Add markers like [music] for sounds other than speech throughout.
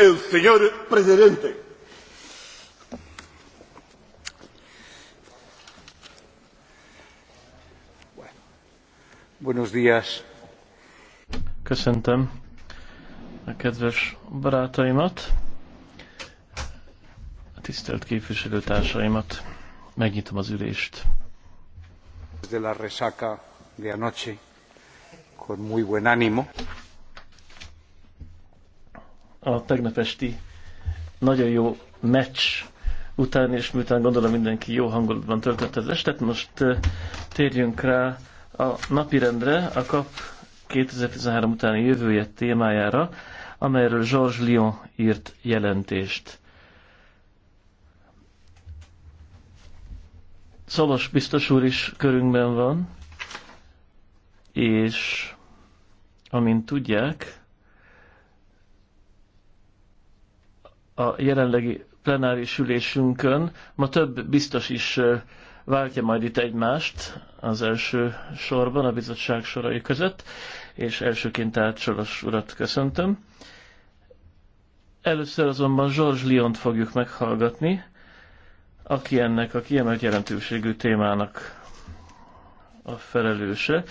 El señor presidente. Buenos días. Köszöntöm a kedves barátaimat, a tisztelt képviselőtársaimat. Megnyitom az ülést. De la resaca de anoche, con muy buen ánimo a tegnap esti nagyon jó meccs után, és miután gondolom mindenki jó hangulatban töltötte az estet, most térjünk rá a napirendre, a KAP 2013 utáni jövője témájára, amelyről Georges Lyon írt jelentést. Szolos biztos úr is körünkben van, és amint tudják, a jelenlegi plenáris ülésünkön. Ma több biztos is váltja majd itt egymást az első sorban, a bizottság sorai között, és elsőként tehát Soros urat köszöntöm. Először azonban George Lyont fogjuk meghallgatni, aki ennek a kiemelt jelentőségű témának a felelőse.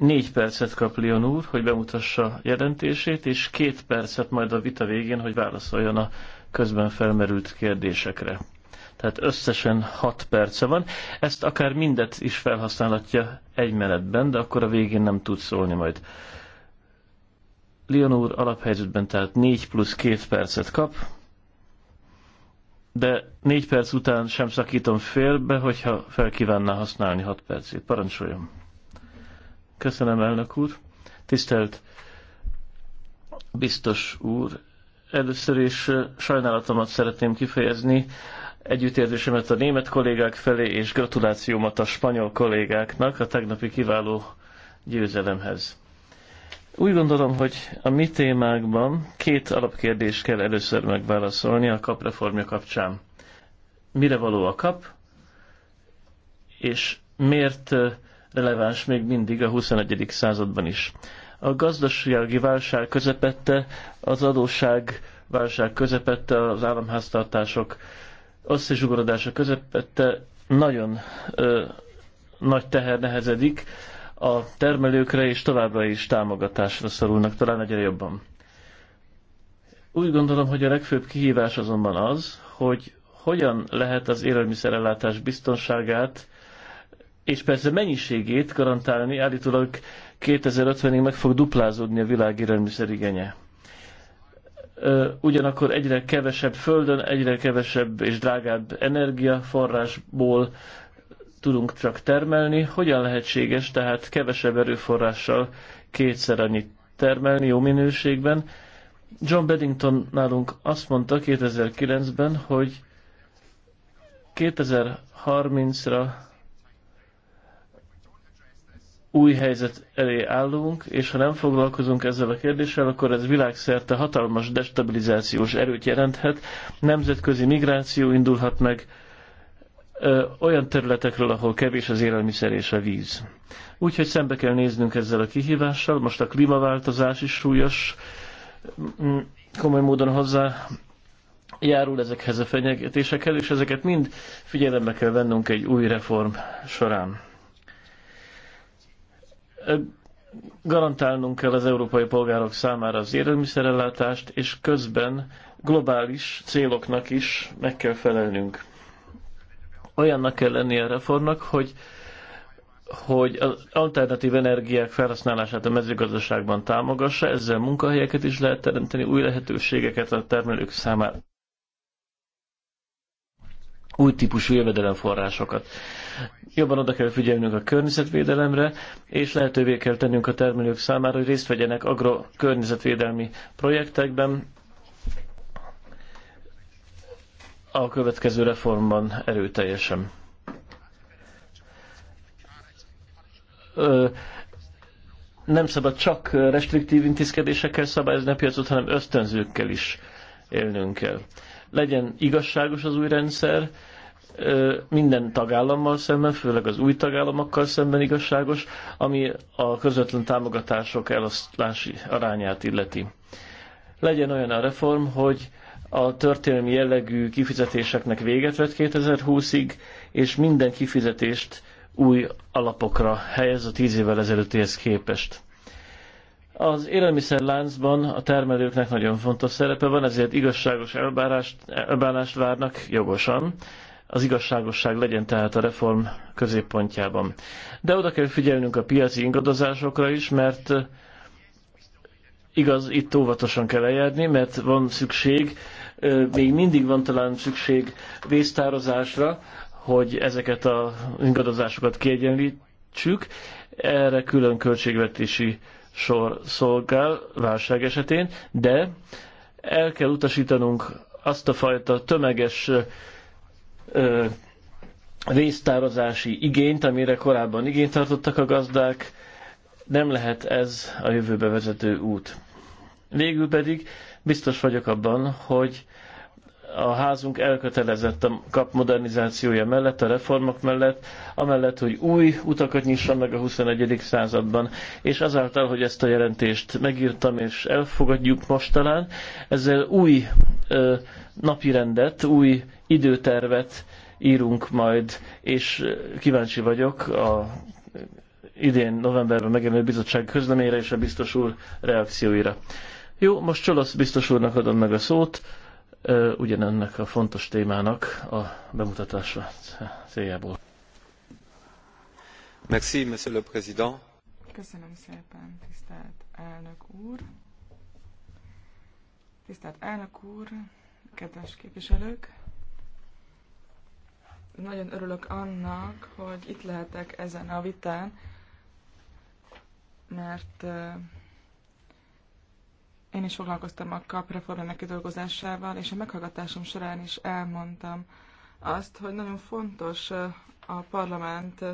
Négy percet kap Leon úr, hogy bemutassa jelentését, és két percet majd a vita végén, hogy válaszoljon a közben felmerült kérdésekre. Tehát összesen hat perce van. Ezt akár mindet is felhasználhatja egy menetben, de akkor a végén nem tud szólni majd. Leon úr alaphelyzetben tehát négy plusz két percet kap, de négy perc után sem szakítom félbe, hogyha felkívánná használni hat percét. Parancsoljon! Köszönöm, elnök úr. Tisztelt biztos úr, először is sajnálatomat szeretném kifejezni, együttérzésemet a német kollégák felé, és gratulációmat a spanyol kollégáknak a tegnapi kiváló győzelemhez. Úgy gondolom, hogy a mi témákban két alapkérdést kell először megválaszolni a kap reformja kapcsán. Mire való a kap, és miért releváns még mindig a 21. században is. A gazdasági válság közepette, az adósság válság közepette, az államháztartások összezsugorodása közepette nagyon ö, nagy teher nehezedik a termelőkre, és továbbra is támogatásra szorulnak, talán egyre jobban. Úgy gondolom, hogy a legfőbb kihívás azonban az, hogy hogyan lehet az élelmiszerellátás biztonságát és persze mennyiségét garantálni, állítólag 2050-ig meg fog duplázódni a világ igénye. Ugyanakkor egyre kevesebb földön, egyre kevesebb és drágább energiaforrásból tudunk csak termelni. Hogyan lehetséges tehát kevesebb erőforrással kétszer annyit termelni jó minőségben? John Beddington nálunk azt mondta 2009-ben, hogy 2030-ra új helyzet elé állunk, és ha nem foglalkozunk ezzel a kérdéssel, akkor ez világszerte hatalmas destabilizációs erőt jelenthet, nemzetközi migráció indulhat meg ö, olyan területekről, ahol kevés az élelmiszer és a víz. Úgyhogy szembe kell néznünk ezzel a kihívással, most a klímaváltozás is súlyos, mm, komoly módon hozzá járul ezekhez a fenyegetésekhez, és ezeket mind figyelembe kell vennünk egy új reform során garantálnunk kell az európai polgárok számára az élelmiszerellátást, és közben globális céloknak is meg kell felelnünk. Olyannak kell lennie a reformnak, hogy hogy az alternatív energiák felhasználását a mezőgazdaságban támogassa, ezzel munkahelyeket is lehet teremteni, új lehetőségeket a termelők számára új típusú jövedelemforrásokat. Jobban oda kell figyelnünk a környezetvédelemre, és lehetővé kell tennünk a termelők számára, hogy részt vegyenek agrokörnyezetvédelmi projektekben, a következő reformban erőteljesen. Ö, nem szabad csak restriktív intézkedésekkel szabályozni a piacot, hanem ösztönzőkkel is élnünk kell legyen igazságos az új rendszer, minden tagállammal szemben, főleg az új tagállamokkal szemben igazságos, ami a közvetlen támogatások elosztási arányát illeti. Legyen olyan a reform, hogy a történelmi jellegű kifizetéseknek véget vett 2020-ig, és minden kifizetést új alapokra helyez a tíz évvel ezelőttihez képest. Az élelmiszerláncban a termelőknek nagyon fontos szerepe van, ezért igazságos elbárást, elbárást várnak jogosan. Az igazságosság legyen tehát a reform középpontjában. De oda kell figyelnünk a piaci ingadozásokra is, mert igaz, itt óvatosan kell eljárni, mert van szükség, még mindig van talán szükség vésztározásra, hogy ezeket a ingadozásokat kiegyenlítsük. Erre külön költségvetési sor szolgál válság esetén, de el kell utasítanunk azt a fajta tömeges ö, résztározási igényt, amire korábban igényt tartottak a gazdák, nem lehet ez a jövőbe vezető út. Végül pedig biztos vagyok abban, hogy a házunk elkötelezett a kap modernizációja mellett, a reformok mellett, amellett, hogy új utakat nyisson meg a 21. században, és azáltal, hogy ezt a jelentést megírtam és elfogadjuk most talán, ezzel új ö, napirendet, új időtervet írunk majd, és kíváncsi vagyok a idén novemberben megjelenő bizottság közleményre és a biztos úr reakcióira. Jó, most Csolosz biztos úrnak adom meg a szót ugyanennek a fontos témának a bemutatása céljából. Merci, monsieur le président. Köszönöm szépen, tisztelt elnök úr. Tisztelt elnök úr, kedves képviselők! Nagyon örülök annak, hogy itt lehetek ezen a vitán, mert én is foglalkoztam a KAP reformjának kidolgozásával, és a meghallgatásom során is elmondtam azt, hogy nagyon fontos a parlament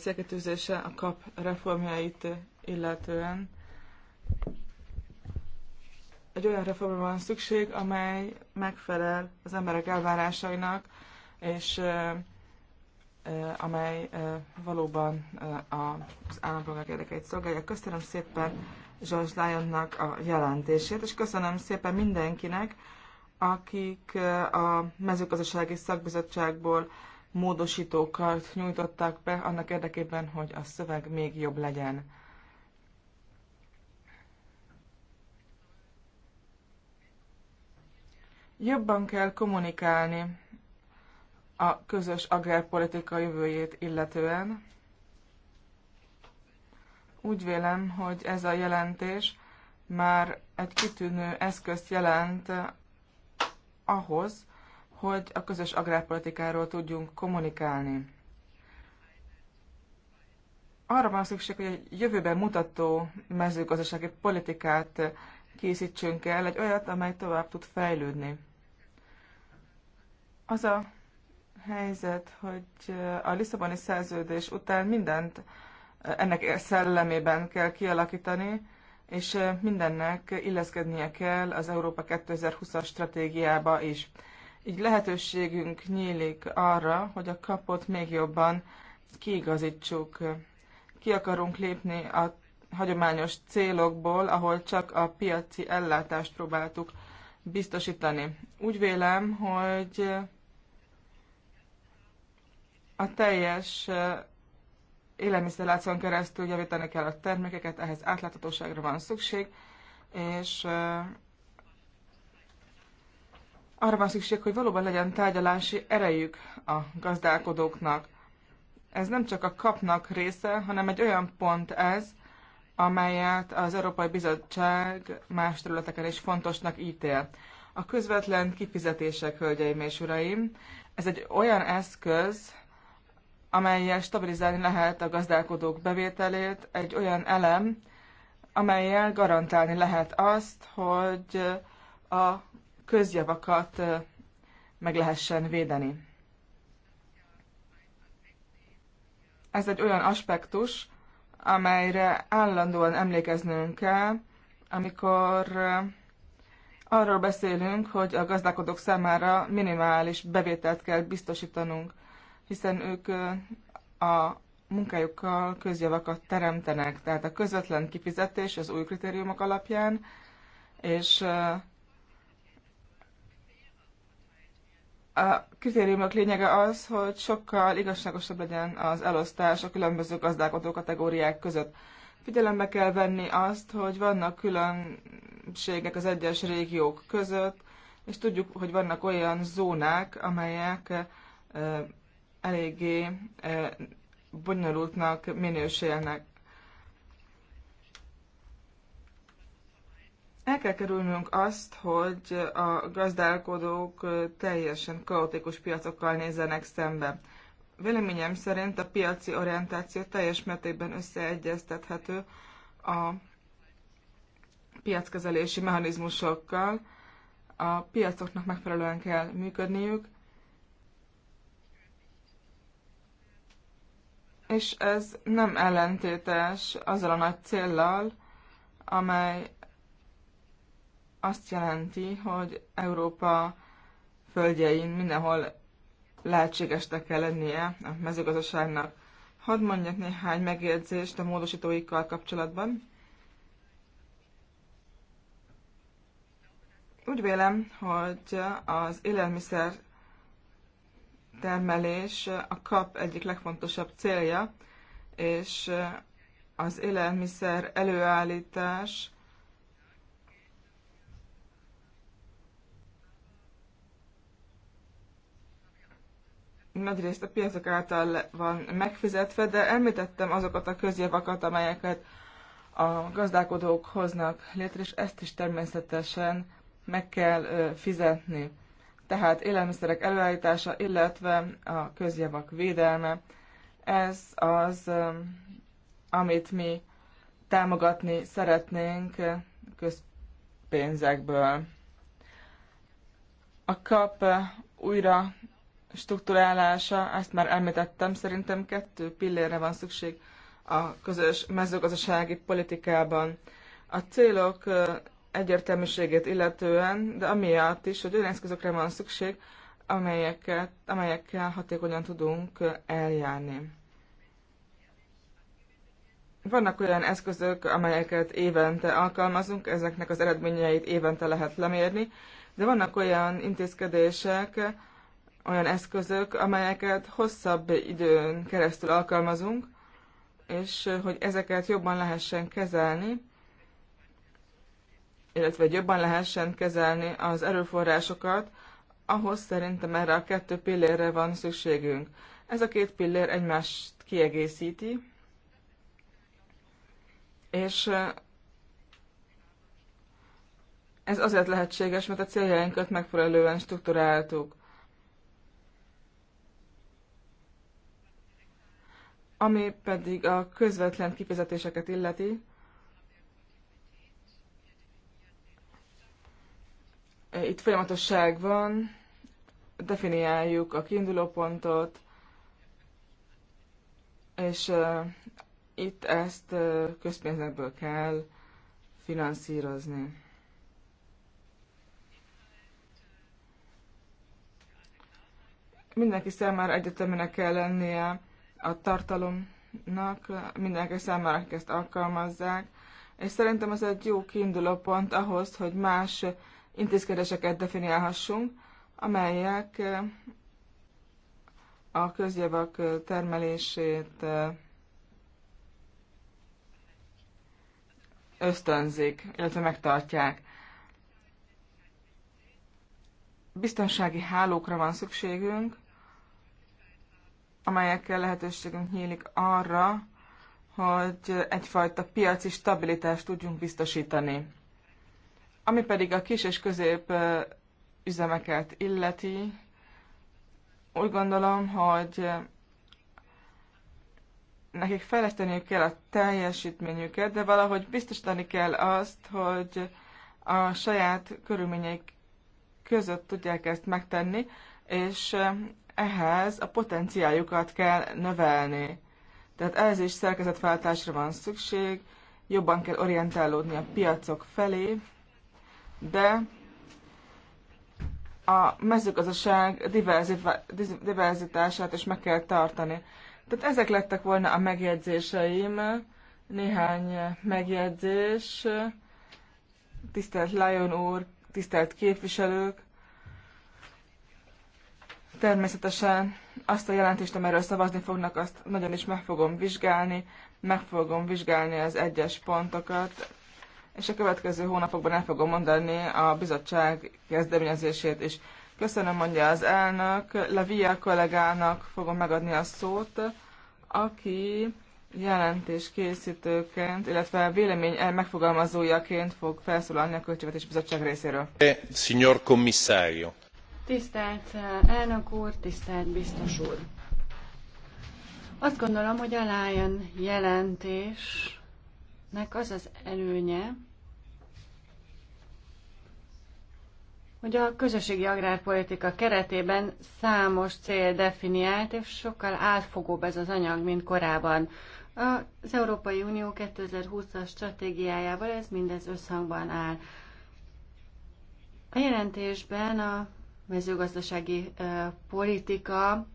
célkitűzése a KAP reformjait illetően. Egy olyan reformra van szükség, amely megfelel az emberek elvárásainak, és amely valóban az állampolgárok érdekeit szolgálja. Köszönöm szépen George Lyonnak a jelentését, és köszönöm szépen mindenkinek, akik eh, a mezőgazdasági szakbizottságból módosítókat nyújtották be annak érdekében, hogy a szöveg még jobb legyen. Jobban kell kommunikálni a közös agrárpolitika jövőjét illetően. Úgy vélem, hogy ez a jelentés már egy kitűnő eszközt jelent ahhoz, hogy a közös agrárpolitikáról tudjunk kommunikálni. Arra van szükség, hogy egy jövőben mutató mezőgazdasági politikát készítsünk el, egy olyat, amely tovább tud fejlődni. Az a helyzet, hogy a Lisszaboni szerződés után mindent ennek szellemében kell kialakítani, és mindennek illeszkednie kell az Európa 2020-as stratégiába is. Így lehetőségünk nyílik arra, hogy a kapot még jobban kiigazítsuk. Ki akarunk lépni a hagyományos célokból, ahol csak a piaci ellátást próbáltuk biztosítani. Úgy vélem, hogy a teljes élelmiszerláción keresztül javítani kell a termékeket, ehhez átláthatóságra van szükség, és arra van szükség, hogy valóban legyen tárgyalási erejük a gazdálkodóknak. Ez nem csak a kapnak része, hanem egy olyan pont ez, amelyet az Európai Bizottság más területeken is fontosnak ítél. A közvetlen kifizetések, hölgyeim és uraim, ez egy olyan eszköz, amelyel stabilizálni lehet a gazdálkodók bevételét, egy olyan elem, amelyel garantálni lehet azt, hogy a közjavakat meg lehessen védeni. Ez egy olyan aspektus, amelyre állandóan emlékeznünk kell, amikor arról beszélünk, hogy a gazdálkodók számára minimális bevételt kell biztosítanunk hiszen ők a munkájukkal közjavakat teremtenek, tehát a közvetlen kifizetés az új kritériumok alapján, és a kritériumok lényege az, hogy sokkal igazságosabb legyen az elosztás a különböző gazdálkodó kategóriák között. Figyelembe kell venni azt, hogy vannak különbségek az egyes régiók között, és tudjuk, hogy vannak olyan zónák, amelyek eléggé bonyolultnak minősélnek. El kell kerülnünk azt, hogy a gazdálkodók teljesen kaotikus piacokkal nézzenek szembe. Véleményem szerint a piaci orientáció teljes mértékben összeegyeztethető a piackezelési mechanizmusokkal. A piacoknak megfelelően kell működniük, és ez nem ellentétes azzal a nagy céllal, amely azt jelenti, hogy Európa földjein mindenhol lehetségesnek kell lennie a mezőgazdaságnak. Hadd mondjak néhány megjegyzést a módosítóikkal kapcsolatban. Úgy vélem, hogy az élelmiszer termelés a kap egyik legfontosabb célja, és az élelmiszer előállítás nagyrészt a piacok által van megfizetve, de említettem azokat a közjavakat, amelyeket a gazdálkodók hoznak létre, és ezt is természetesen meg kell fizetni tehát élelmiszerek előállítása, illetve a közjavak védelme. Ez az, amit mi támogatni szeretnénk közpénzekből. A kap újra struktúrálása, ezt már említettem, szerintem kettő pillérre van szükség a közös mezőgazdasági politikában. A célok egyértelműségét illetően, de amiatt is, hogy olyan eszközökre van szükség, amelyeket, amelyekkel hatékonyan tudunk eljárni. Vannak olyan eszközök, amelyeket évente alkalmazunk, ezeknek az eredményeit évente lehet lemérni, de vannak olyan intézkedések, olyan eszközök, amelyeket hosszabb időn keresztül alkalmazunk, és hogy ezeket jobban lehessen kezelni, illetve hogy jobban lehessen kezelni az erőforrásokat, ahhoz szerintem erre a kettő pillérre van szükségünk. Ez a két pillér egymást kiegészíti, és eh, ez azért lehetséges, mert a céljainkat megfelelően struktúráltuk. Ami pedig a közvetlen kifizetéseket illeti, Itt folyamatosság van, definiáljuk a kiindulópontot, és itt ezt közpénzekből kell finanszírozni. Mindenki számára egyeteminek kell lennie a tartalomnak, mindenki számára, akik ezt alkalmazzák, és szerintem ez egy jó kiinduló pont ahhoz, hogy más intézkedéseket definiálhassunk, amelyek eh, a közjavak eh, termelését eh, ösztönzik, illetve megtartják. Biztonsági hálókra van szükségünk, amelyekkel lehetőségünk nyílik arra, hogy egyfajta piaci stabilitást tudjunk biztosítani. Ami pedig a kis és közép üzemeket illeti, úgy gondolom, hogy nekik fejleszteniük kell a teljesítményüket, de valahogy biztosítani kell azt, hogy a saját körülményeik között tudják ezt megtenni, és ehhez a potenciáljukat kell növelni. Tehát ez is szerkezetváltásra van szükség, jobban kell orientálódni a piacok felé, de a mezőgazdaság diverzitását is meg kell tartani. Tehát ezek lettek volna a megjegyzéseim, néhány megjegyzés, tisztelt Lion úr, tisztelt képviselők, Természetesen azt a jelentést, amiről szavazni fognak, azt nagyon is meg fogom vizsgálni, meg fogom vizsgálni az egyes pontokat, és a következő hónapokban el fogom mondani a bizottság kezdeményezését is. Köszönöm, mondja az elnök. Lavia kollégának fogom megadni a szót, aki jelentés készítőként, illetve vélemény megfogalmazójaként fog felszólalni a Költségvetés Bizottság részéről. Signor Commissario. Tisztelt eh, elnök úr, tisztelt biztos úr. Azt gondolom, hogy a Lion jelentésnek az az előnye, hogy a közösségi agrárpolitika keretében számos cél definiált, és sokkal átfogóbb ez az anyag, mint korábban. Az Európai Unió 2020-as stratégiájával ez mindez összhangban áll. A jelentésben a mezőgazdasági politika,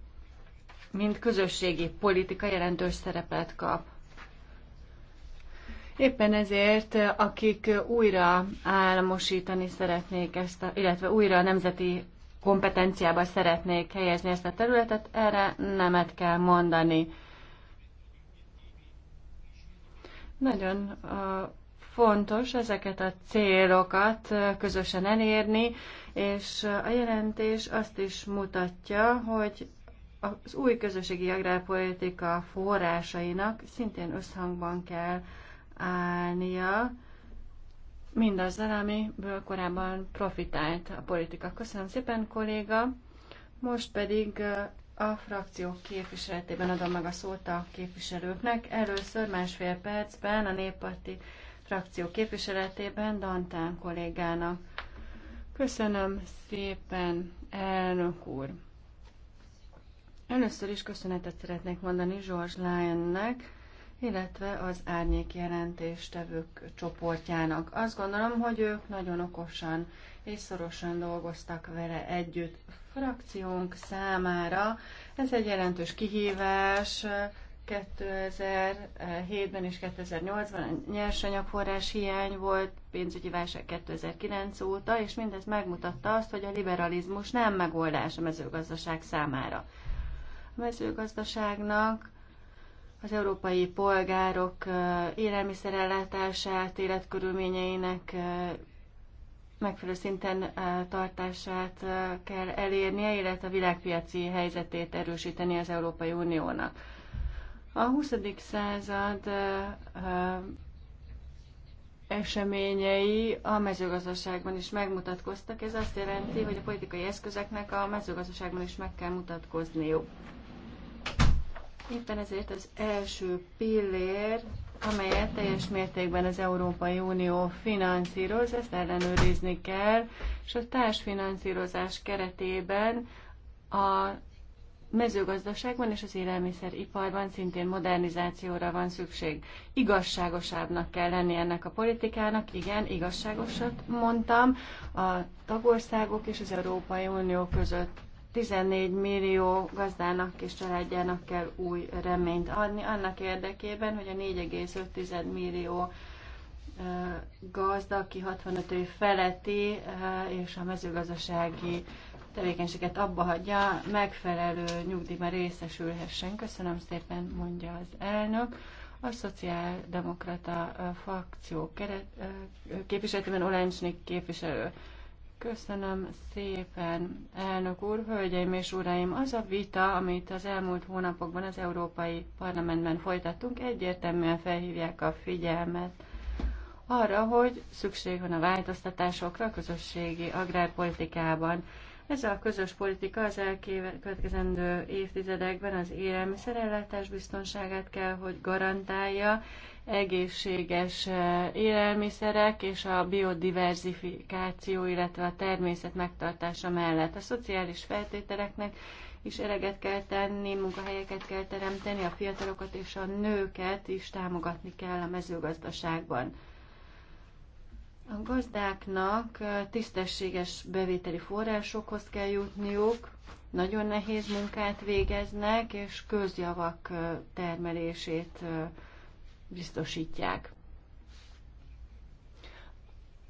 mint közösségi politika jelentős szerepet kap. Éppen ezért, akik újra államosítani szeretnék ezt, a, illetve újra a nemzeti kompetenciába szeretnék helyezni ezt a területet, erre nemet kell mondani. Nagyon fontos ezeket a célokat közösen elérni, és a jelentés azt is mutatja, hogy az új közösségi agrárpolitika forrásainak szintén összhangban kell állnia mindazzal, amiből korábban profitált a politika. Köszönöm szépen, kolléga. Most pedig a frakció képviseletében adom meg a szót a képviselőknek. Először másfél percben a néppárti frakció képviseletében Dantán kollégának. Köszönöm szépen, elnök úr! Először is köszönetet szeretnék mondani George Lyonnek, illetve az árnyék jelentéstevők csoportjának. Azt gondolom, hogy ők nagyon okosan és szorosan dolgoztak vele együtt. A frakciónk számára ez egy jelentős kihívás, 2007-ben és 2008-ban nyersanyagforrás hiány volt, pénzügyi válság 2009 óta, és mindez megmutatta azt, hogy a liberalizmus nem megoldás a mezőgazdaság számára. A mezőgazdaságnak az európai polgárok élelmiszerellátását, életkörülményeinek megfelelő szinten tartását kell elérnie, illetve a világpiaci helyzetét erősíteni az Európai Uniónak. A 20. század eseményei a mezőgazdaságban is megmutatkoztak. Ez azt jelenti, hogy a politikai eszközeknek a mezőgazdaságban is meg kell mutatkozniuk. Éppen ezért az első pillér, amelyet teljes mértékben az Európai Unió finanszíroz, ezt ellenőrizni kell, és a társfinanszírozás keretében a mezőgazdaságban és az élelmiszeriparban szintén modernizációra van szükség. Igazságosabbnak kell lenni ennek a politikának, igen, igazságosat mondtam, a tagországok és az Európai Unió között 14 millió gazdának és családjának kell új reményt adni, annak érdekében, hogy a 4,5 millió gazda, aki 65 év feletti és a mezőgazdasági tevékenységet abba hagyja, megfelelő nyugdíjban részesülhessen. Köszönöm szépen, mondja az elnök. A szociáldemokrata frakció képviseletében Olencsnik képviselő. Köszönöm szépen, elnök úr, hölgyeim és uraim! Az a vita, amit az elmúlt hónapokban az Európai Parlamentben folytattunk, egyértelműen felhívják a figyelmet arra, hogy szükség van a változtatásokra a közösségi agrárpolitikában. Ez a közös politika az elkövetkezendő évtizedekben az élelmiszerellátás biztonságát kell, hogy garantálja, egészséges eh, élelmiszerek és a biodiverzifikáció, illetve a természet megtartása mellett. A szociális feltételeknek is eleget kell tenni, munkahelyeket kell teremteni, a fiatalokat és a nőket is támogatni kell a mezőgazdaságban. A gazdáknak eh, tisztességes bevételi forrásokhoz kell jutniuk, nagyon nehéz munkát végeznek, és közjavak eh, termelését biztosítják.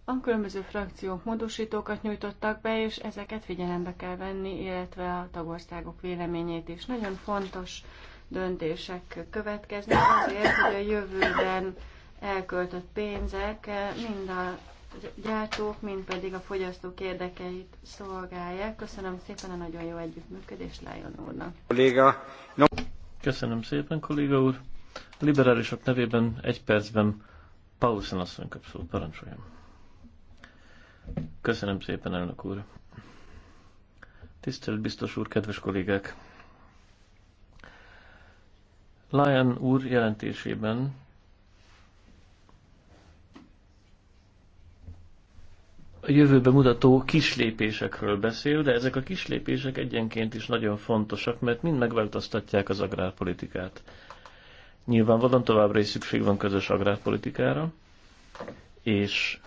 A különböző frakciók módosítókat nyújtottak be, és ezeket figyelembe kell venni, illetve a tagországok véleményét is. Nagyon fontos döntések következnek azért, hogy a jövőben elköltött pénzek mind a gyártók, mind pedig a fogyasztók érdekeit szolgálják. Köszönöm szépen a nagyon jó együttműködést Lájon úrnak. No. Köszönöm szépen, kolléga úr liberálisok nevében egy percben Paulsen asszony kap szót, parancsoljam. Köszönöm szépen, elnök úr. Tisztelt biztos úr, kedves kollégák! Lyon úr jelentésében a jövőbe mutató kislépésekről beszél, de ezek a kislépések egyenként is nagyon fontosak, mert mind megváltoztatják az agrárpolitikát. Nyilvánvalóan továbbra is szükség van közös agrárpolitikára, és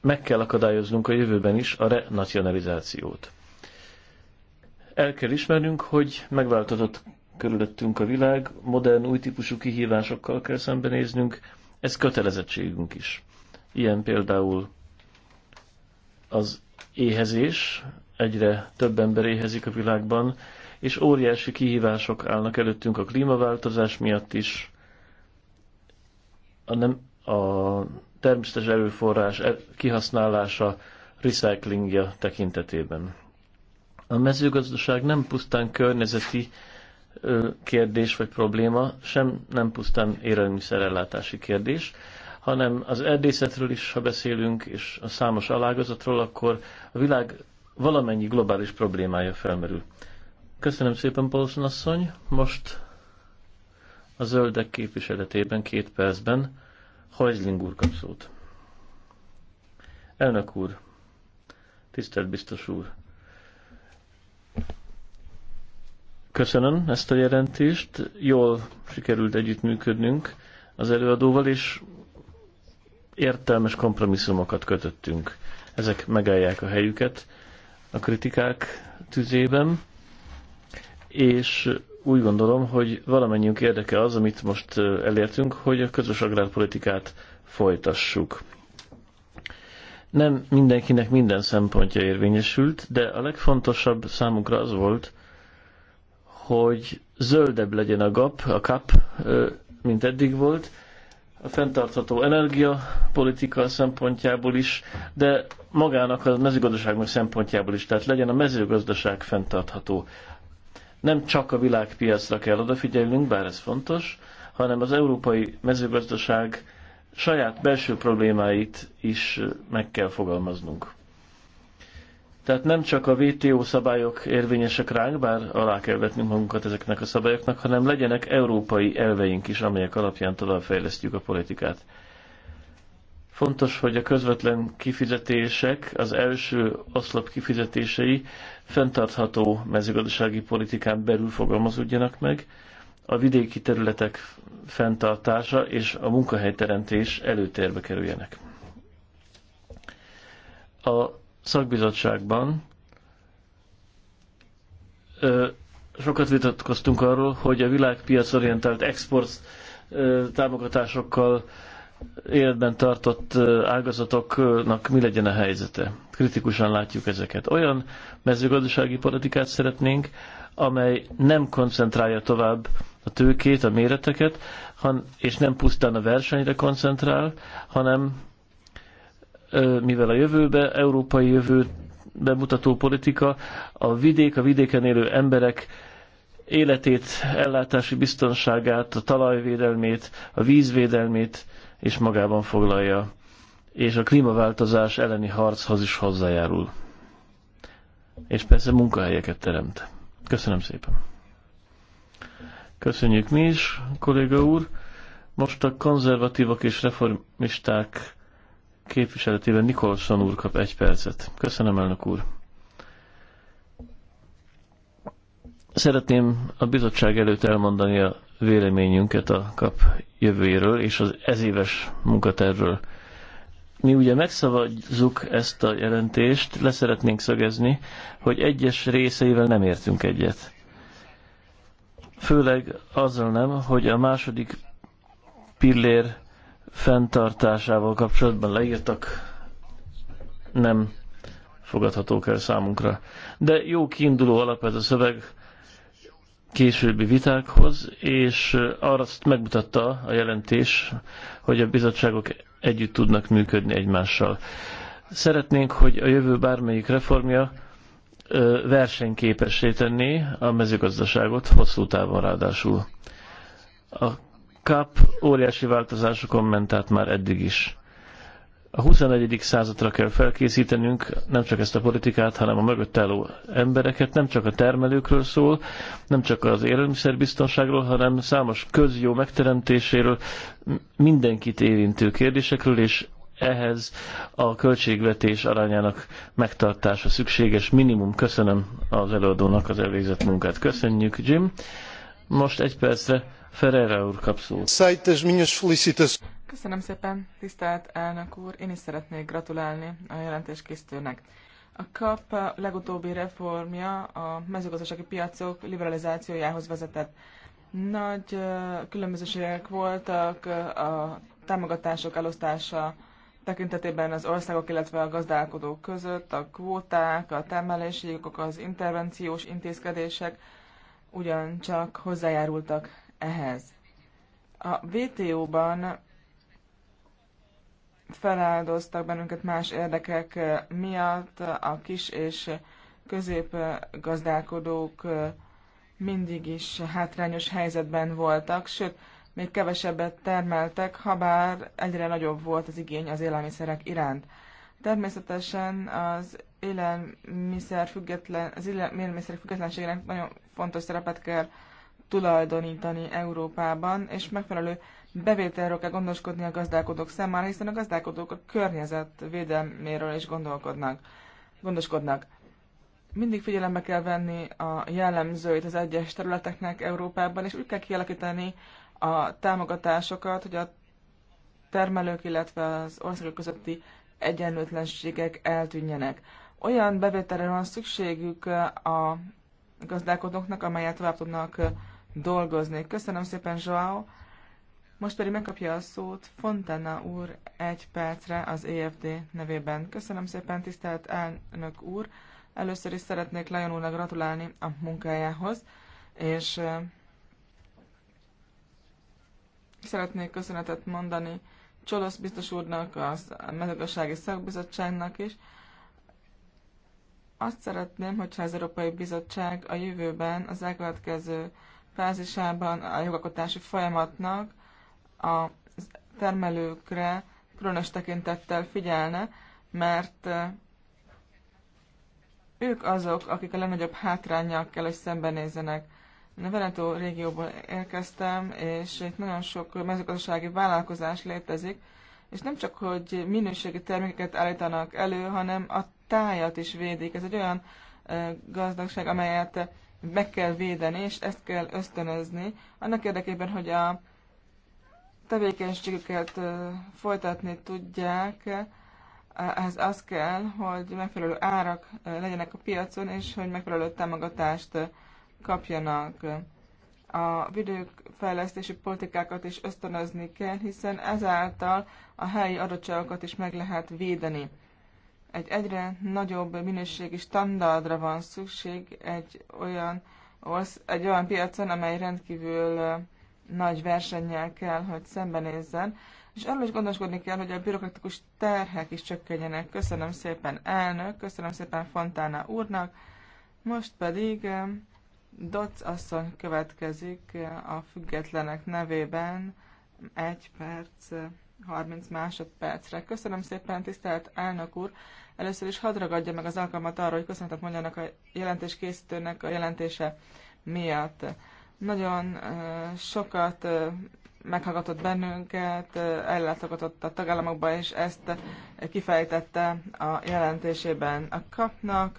meg kell akadályoznunk a jövőben is a renacionalizációt. El kell ismernünk, hogy megváltozott körülöttünk a világ, modern, új típusú kihívásokkal kell szembenéznünk, ez kötelezettségünk is. Ilyen például az éhezés, egyre több ember éhezik a világban, és óriási kihívások állnak előttünk a klímaváltozás miatt is, a, nem, a természetes erőforrás e- kihasználása, recyclingja tekintetében. A mezőgazdaság nem pusztán környezeti kérdés vagy probléma, sem nem pusztán élelmiszerellátási kérdés, hanem az erdészetről is, ha beszélünk, és a számos alágazatról, akkor a világ valamennyi globális problémája felmerül. Köszönöm szépen, Paulson asszony. Most a zöldek képviseletében két percben Hajzling úr kap szót. Elnök úr, tisztelt biztos úr, köszönöm ezt a jelentést, jól sikerült együttműködnünk az előadóval, és értelmes kompromisszumokat kötöttünk. Ezek megállják a helyüket a kritikák tüzében és úgy gondolom, hogy valamennyiünk érdeke az, amit most elértünk, hogy a közös agrárpolitikát folytassuk. Nem mindenkinek minden szempontja érvényesült, de a legfontosabb számunkra az volt, hogy zöldebb legyen a GAP, a CAP, mint eddig volt, a fenntartható energiapolitika szempontjából is, de magának a mezőgazdaságnak szempontjából is, tehát legyen a mezőgazdaság fenntartható. Nem csak a világpiacra kell odafigyelnünk, bár ez fontos, hanem az európai mezőgazdaság saját belső problémáit is meg kell fogalmaznunk. Tehát nem csak a WTO szabályok érvényesek ránk, bár alá kell vetnünk magunkat ezeknek a szabályoknak, hanem legyenek európai elveink is, amelyek alapján továbbfejlesztjük a politikát. Fontos, hogy a közvetlen kifizetések, az első oszlop kifizetései fenntartható mezőgazdasági politikán belül fogalmazódjanak meg, a vidéki területek fenntartása és a munkahelyteremtés előtérbe kerüljenek. A szakbizottságban ö, sokat vitatkoztunk arról, hogy a világpiacorientált export támogatásokkal életben tartott ágazatoknak mi legyen a helyzete. Kritikusan látjuk ezeket. Olyan mezőgazdasági politikát szeretnénk, amely nem koncentrálja tovább a tőkét, a méreteket, és nem pusztán a versenyre koncentrál, hanem mivel a jövőbe, európai jövő bemutató politika, a vidék, a vidéken élő emberek életét, ellátási biztonságát, a talajvédelmét, a vízvédelmét, és magában foglalja, és a klímaváltozás elleni harchoz is hozzájárul. És persze munkahelyeket teremt. Köszönöm szépen. Köszönjük mi is, kolléga úr. Most a konzervatívak és reformisták képviseletében Nikolson úr kap egy percet. Köszönöm, elnök úr. Szeretném a bizottság előtt elmondani a véleményünket a kap jövőjéről és az ezéves munkatervről. Mi ugye megszavazzuk ezt a jelentést, leszeretnénk szögezni, hogy egyes részeivel nem értünk egyet. Főleg azzal nem, hogy a második pillér fenntartásával kapcsolatban leírtak nem fogadhatók el számunkra. De jó kiinduló alap ez a szöveg későbbi vitákhoz, és arra azt megmutatta a jelentés, hogy a bizottságok együtt tudnak működni egymással. Szeretnénk, hogy a jövő bármelyik reformja versenyképessé tenni a mezőgazdaságot hosszú távon ráadásul. A CAP óriási változásokon ment át már eddig is. A 21. századra kell felkészítenünk nem csak ezt a politikát, hanem a mögött álló embereket, nem csak a termelőkről szól, nem csak az élelmiszerbiztonságról, hanem számos közjó megteremtéséről, mindenkit érintő kérdésekről, és ehhez a költségvetés arányának megtartása szükséges minimum. Köszönöm az előadónak az elvégzett munkát. Köszönjük, Jim. Most egy percre Ferreira úr kap szót. Köszönöm szépen, tisztelt elnök úr. Én is szeretnék gratulálni a jelentéskészítőnek. A KAP legutóbbi reformja a mezőgazdasági piacok liberalizációjához vezetett. Nagy különbözőségek voltak a támogatások elosztása tekintetében az országok, illetve a gazdálkodók között, a kvóták, a termelési jogok, az intervenciós intézkedések, ugyancsak hozzájárultak ehhez. A WTO-ban feláldoztak bennünket más érdekek miatt, a kis és középgazdálkodók mindig is hátrányos helyzetben voltak, sőt, még kevesebbet termeltek, habár egyre nagyobb volt az igény az élelmiszerek iránt. Természetesen az élelmiszer független, az élelmiszer függetlenségének nagyon fontos szerepet kell tulajdonítani Európában, és megfelelő bevételről kell gondoskodni a gazdálkodók számára, hiszen a gazdálkodók a környezet védelméről is gondolkodnak, gondoskodnak. Mindig figyelembe kell venni a jellemzőit az egyes területeknek Európában, és úgy kell kialakítani a támogatásokat, hogy a termelők, illetve az országok közötti egyenlőtlenségek eltűnjenek. Olyan bevételre van szükségük a gazdálkodóknak, amelyet tovább tudnak dolgozni. Köszönöm szépen, Joao. Most pedig megkapja a szót Fontana úr egy percre az EFD nevében. Köszönöm szépen, tisztelt elnök úr. Először is szeretnék Lajon úrnak gratulálni a munkájához, és szeretnék köszönetet mondani Csolosz biztos úrnak, a mezőgazdasági szakbizottságnak is. Azt szeretném, hogyha az Európai Bizottság a jövőben, az elkövetkező fázisában a jogalkotási folyamatnak a termelőkre különös tekintettel figyelne, mert ők azok, akik a legnagyobb hátrányjal kell, hogy szembenézzenek. Veneto régióból érkeztem, és itt nagyon sok mezőgazdasági vállalkozás létezik, és nem csak, hogy minőségi termékeket állítanak elő, hanem a tájat is védik. Ez egy olyan gazdagság, amelyet meg kell védeni, és ezt kell ösztönözni, annak érdekében, hogy a tevékenységüket folytatni tudják, ez az kell, hogy megfelelő árak legyenek a piacon, és hogy megfelelő támogatást kapjanak. A vidékfejlesztési politikákat is ösztönözni kell, hiszen ezáltal a helyi adottságokat is meg lehet védeni. Egy egyre nagyobb minőségi standardra van szükség egy olyan, egy olyan piacon, amely rendkívül nagy versennyel kell, hogy szembenézzen, és arról is gondoskodni kell, hogy a bürokratikus terhek is csökkenjenek. Köszönöm szépen elnök, köszönöm szépen Fontána úrnak, most pedig Dotz asszony következik a függetlenek nevében egy perc, 30 másodpercre. Köszönöm szépen, tisztelt elnök úr! Először is hadd ragadja meg az alkalmat arra, hogy köszönetet mondjanak a jelentés készítőnek a jelentése miatt. Nagyon sokat meghallgatott bennünket, ellátogatott a tagállamokba, és ezt kifejtette a jelentésében. A kapnak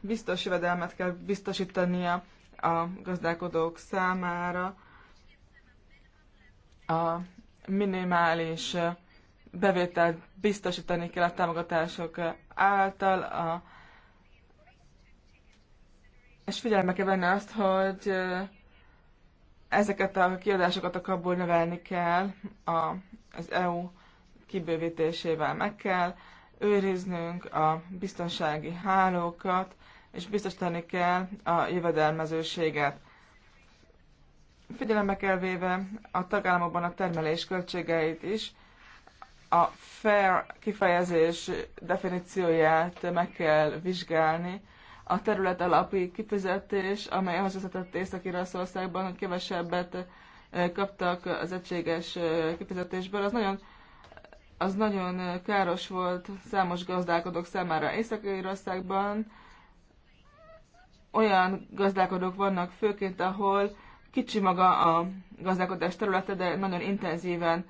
biztos jövedelmet kell biztosítania a gazdálkodók számára a minimális bevételt biztosítani kell a támogatások által, a, és figyelembe kell venni azt, hogy ezeket a kiadásokat a kabul növelni kell a, az EU kibővítésével meg kell őriznünk a biztonsági hálókat, és biztosítani kell a jövedelmezőséget. Figyelembe kell véve a tagállamokban a termelés költségeit is, a fair kifejezés definícióját meg kell vizsgálni, a terület alapi kifizetés, amely ahhoz vezetett Észak-Iraszországban, hogy kevesebbet kaptak az egységes kifizetésből, az nagyon, az nagyon káros volt számos gazdálkodók számára Észak-Irországban, olyan gazdálkodók vannak főként, ahol kicsi maga a gazdálkodás területe, de nagyon intenzíven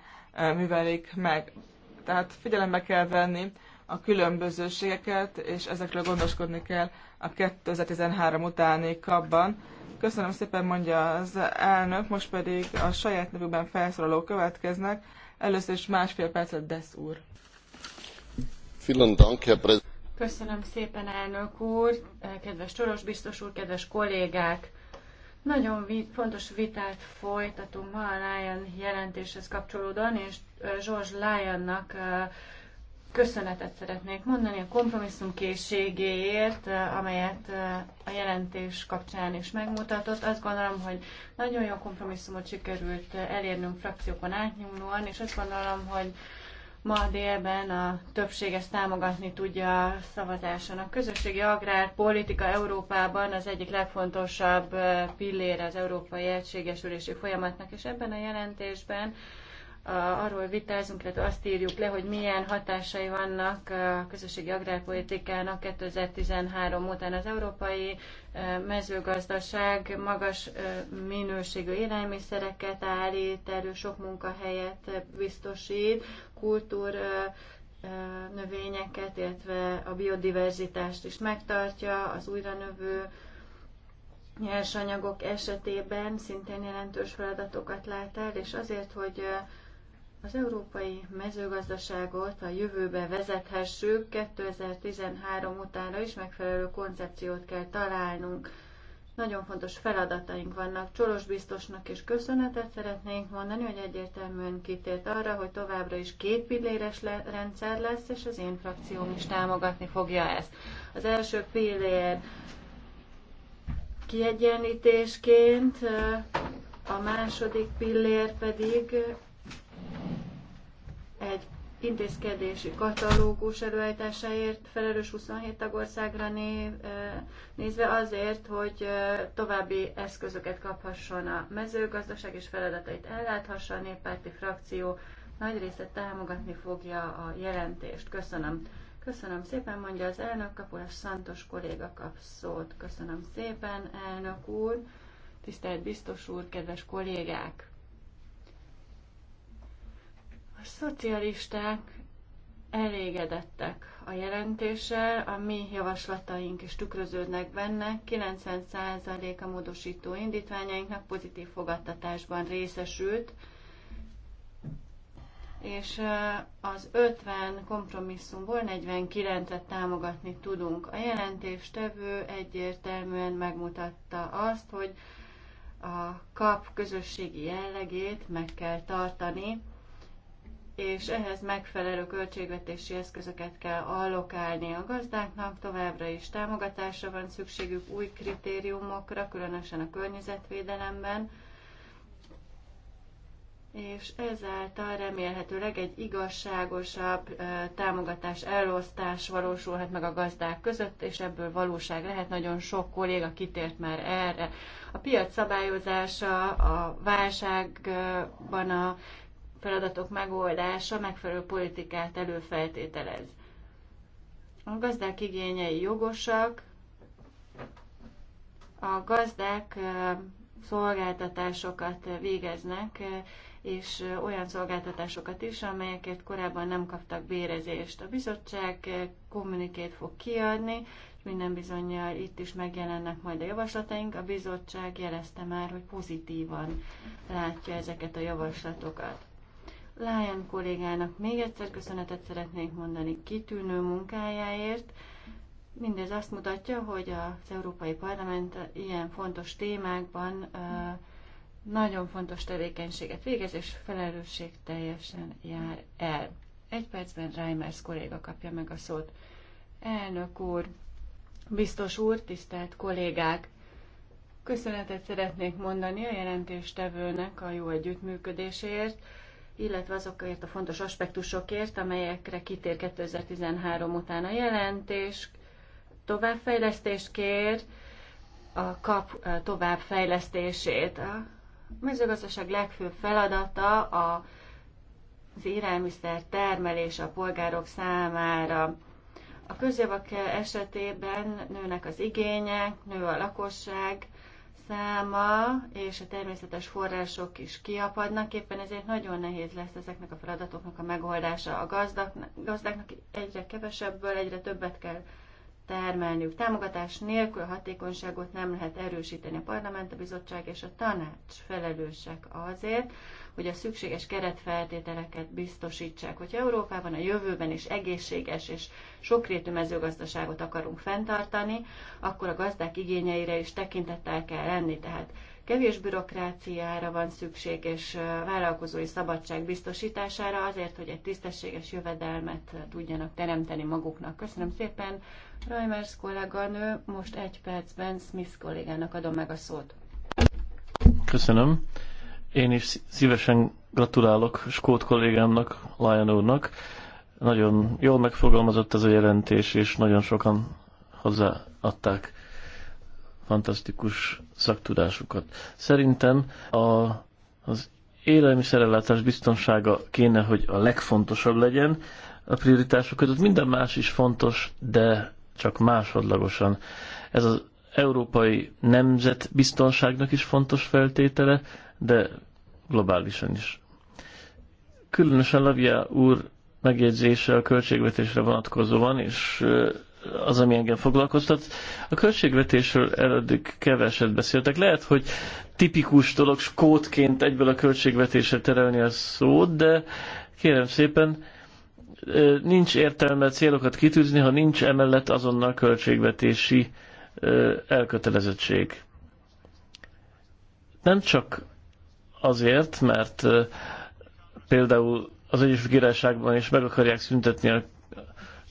művelik meg. Tehát figyelembe kell venni a különbözőségeket, és ezekről gondoskodni kell a 2013 utáni kapban. Köszönöm szépen, mondja az elnök, most pedig a saját nevükben felszólalók következnek. Először is másfél percet, Desz úr. Vielen Dank, Herr Präsident. Köszönöm szépen, elnök úr, kedves Soros biztos úr, kedves kollégák! Nagyon fontos vitát folytatunk ma a Lion jelentéshez kapcsolódóan, és George Lyonnak köszönetet szeretnék mondani a készségéért, amelyet a jelentés kapcsán is megmutatott. Azt gondolom, hogy nagyon jó kompromisszumot sikerült elérnünk frakciókon átnyúlóan, és azt gondolom, hogy ma délben a többség ezt támogatni tudja a szavazáson. A közösségi agrárpolitika Európában az egyik legfontosabb pillére az Európai Egységesülési folyamatnak, és ebben a jelentésben arról vitázunk, illetve azt írjuk le, hogy milyen hatásai vannak a közösségi agrárpolitikának 2013 után az európai mezőgazdaság magas minőségű élelmiszereket állít elő, sok munkahelyet biztosít, kultúr növényeket, illetve a biodiverzitást is megtartja, az újra növő nyersanyagok esetében szintén jelentős feladatokat lát el, és azért, hogy az európai mezőgazdaságot a jövőbe vezethessük, 2013 utánra is megfelelő koncepciót kell találnunk. Nagyon fontos feladataink vannak. Csolos biztosnak is köszönetet szeretnénk mondani, hogy egyértelműen kitért arra, hogy továbbra is két pilléres le- rendszer lesz, és az én frakcióm is támogatni fogja ezt. Az első pillér kiegyenlítésként, a második pillér pedig egy intézkedési katalógus előállításáért felelős 27 tagországra nézve azért, hogy további eszközöket kaphasson a mezőgazdaság és feladatait elláthassa a néppárti frakció. Nagy részét támogatni fogja a jelentést. Köszönöm. Köszönöm szépen, mondja az elnök, kapulás Szantos kolléga kap szót. Köszönöm szépen, elnök úr, tisztelt biztos úr, kedves kollégák! szocialisták elégedettek a jelentéssel, a mi javaslataink is tükröződnek benne. 90% a módosító indítványainknak pozitív fogadtatásban részesült, és az 50 kompromisszumból 49-et támogatni tudunk. A jelentéstevő egyértelműen megmutatta azt, hogy a kap közösségi jellegét meg kell tartani, és ehhez megfelelő költségvetési eszközöket kell allokálni a gazdáknak, továbbra is támogatásra van szükségük új kritériumokra, különösen a környezetvédelemben, és ezáltal remélhetőleg egy igazságosabb támogatás elosztás valósulhat meg a gazdák között, és ebből valóság lehet. Nagyon sok kolléga kitért már erre. A piac szabályozása, a válságban a feladatok megoldása megfelelő politikát előfeltételez. A gazdák igényei jogosak, a gazdák szolgáltatásokat végeznek, és olyan szolgáltatásokat is, amelyeket korábban nem kaptak bérezést. A bizottság kommunikét fog kiadni, és minden bizonyal itt is megjelennek majd a javaslataink. A bizottság jelezte már, hogy pozitívan látja ezeket a javaslatokat. Lion kollégának még egyszer köszönetet szeretnék mondani kitűnő munkájáért. Mindez azt mutatja, hogy az Európai Parlament ilyen fontos témákban nagyon fontos tevékenységet végez, és felelősség teljesen jár el. Egy percben Reimers kolléga kapja meg a szót. Elnök úr, biztos úr, tisztelt kollégák! Köszönetet szeretnék mondani a jelentéstevőnek a jó együttműködésért illetve azokért a fontos aspektusokért, amelyekre kitér 2013 után a jelentés, továbbfejlesztést kér, a kap továbbfejlesztését. A mezőgazdaság legfőbb feladata a, az élelmiszer termelés a polgárok számára. A közjavak esetében nőnek az igények, nő a lakosság, száma és a természetes források is kiapadnak, éppen ezért nagyon nehéz lesz ezeknek a feladatoknak a megoldása. A gazdáknak, gazdáknak egyre kevesebből, egyre többet kell termelniük. Támogatás nélkül a hatékonyságot nem lehet erősíteni. A parlament, a bizottság és a tanács felelősek azért, hogy a szükséges keretfeltételeket biztosítsák. Hogyha Európában a jövőben is egészséges és sokrétű mezőgazdaságot akarunk fenntartani, akkor a gazdák igényeire is tekintettel kell lenni. Tehát Kevés bürokráciára van szükség, és vállalkozói szabadság biztosítására azért, hogy egy tisztességes jövedelmet tudjanak teremteni maguknak. Köszönöm szépen, Reimers kolléganő, most egy percben Smith kollégának adom meg a szót. Köszönöm. Én is szívesen gratulálok Skót kollégámnak, Lion úrnak. Nagyon jól megfogalmazott ez a jelentés, és nagyon sokan hozzáadták fantasztikus szaktudásukat. Szerintem a, az élelmiszerellátás biztonsága kéne, hogy a legfontosabb legyen a prioritások között. Minden más is fontos, de csak másodlagosan. Ez az európai nemzetbiztonságnak is fontos feltétele, de globálisan is. Különösen Lavia úr megjegyzése a költségvetésre vonatkozóan, és az, ami engem foglalkoztat. A költségvetésről eddig keveset beszéltek. Lehet, hogy tipikus dolog skótként egyből a költségvetésre terelni a szót, de kérem szépen, nincs értelme célokat kitűzni, ha nincs emellett azonnal költségvetési elkötelezettség. Nem csak azért, mert például az Egyesült Királyságban is meg akarják szüntetni a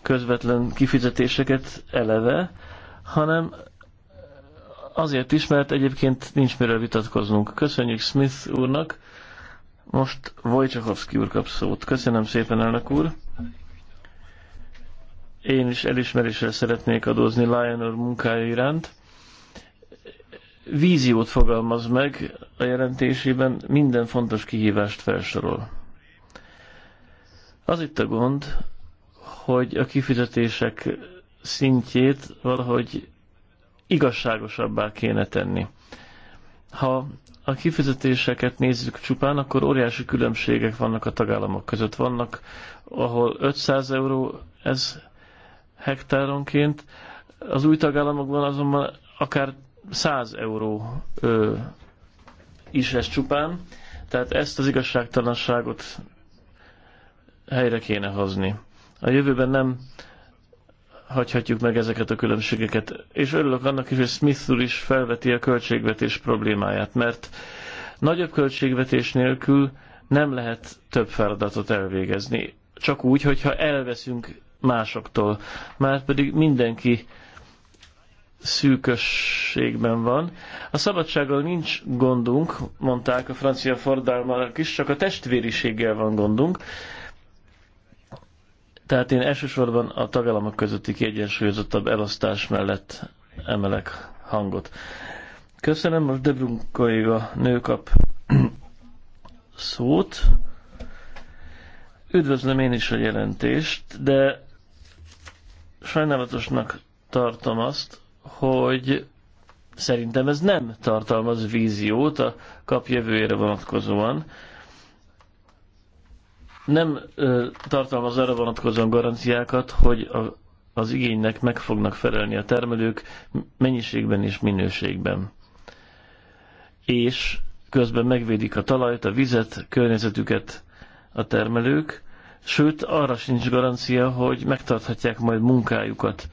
közvetlen kifizetéseket eleve, hanem azért is, mert egyébként nincs miről vitatkoznunk. Köszönjük Smith úrnak, most Wojciechowski úr kap szót. Köszönöm szépen, elnök úr. Én is elismeréssel szeretnék adózni Lion úr munkája iránt. Víziót fogalmaz meg a jelentésében, minden fontos kihívást felsorol. Az itt a gond, hogy a kifizetések szintjét valahogy igazságosabbá kéne tenni. Ha a kifizetéseket nézzük csupán, akkor óriási különbségek vannak a tagállamok között. Vannak, ahol 500 euró ez hektáronként, az új tagállamokban azonban akár 100 euró ö, is ez csupán, tehát ezt az igazságtalanságot helyre kéne hozni a jövőben nem hagyhatjuk meg ezeket a különbségeket. És örülök annak is, hogy Smith úr is felveti a költségvetés problémáját, mert nagyobb költségvetés nélkül nem lehet több feladatot elvégezni. Csak úgy, hogyha elveszünk másoktól. Már pedig mindenki szűkösségben van. A szabadsággal nincs gondunk, mondták a francia fordalmak is, csak a testvériséggel van gondunk. Tehát én elsősorban a tagállamok közötti kiegyensúlyozottabb elosztás mellett emelek hangot. Köszönöm, most Debrun kolléga nő kap [clears throat] szót. Üdvözlöm én is a jelentést, de sajnálatosnak tartom azt, hogy szerintem ez nem tartalmaz víziót a kap jövőjére vonatkozóan nem ö, tartalmaz arra vonatkozóan garanciákat, hogy a, az igénynek meg fognak felelni a termelők mennyiségben és minőségben. És közben megvédik a talajt, a vizet, környezetüket a termelők, sőt arra sincs garancia, hogy megtarthatják majd munkájukat.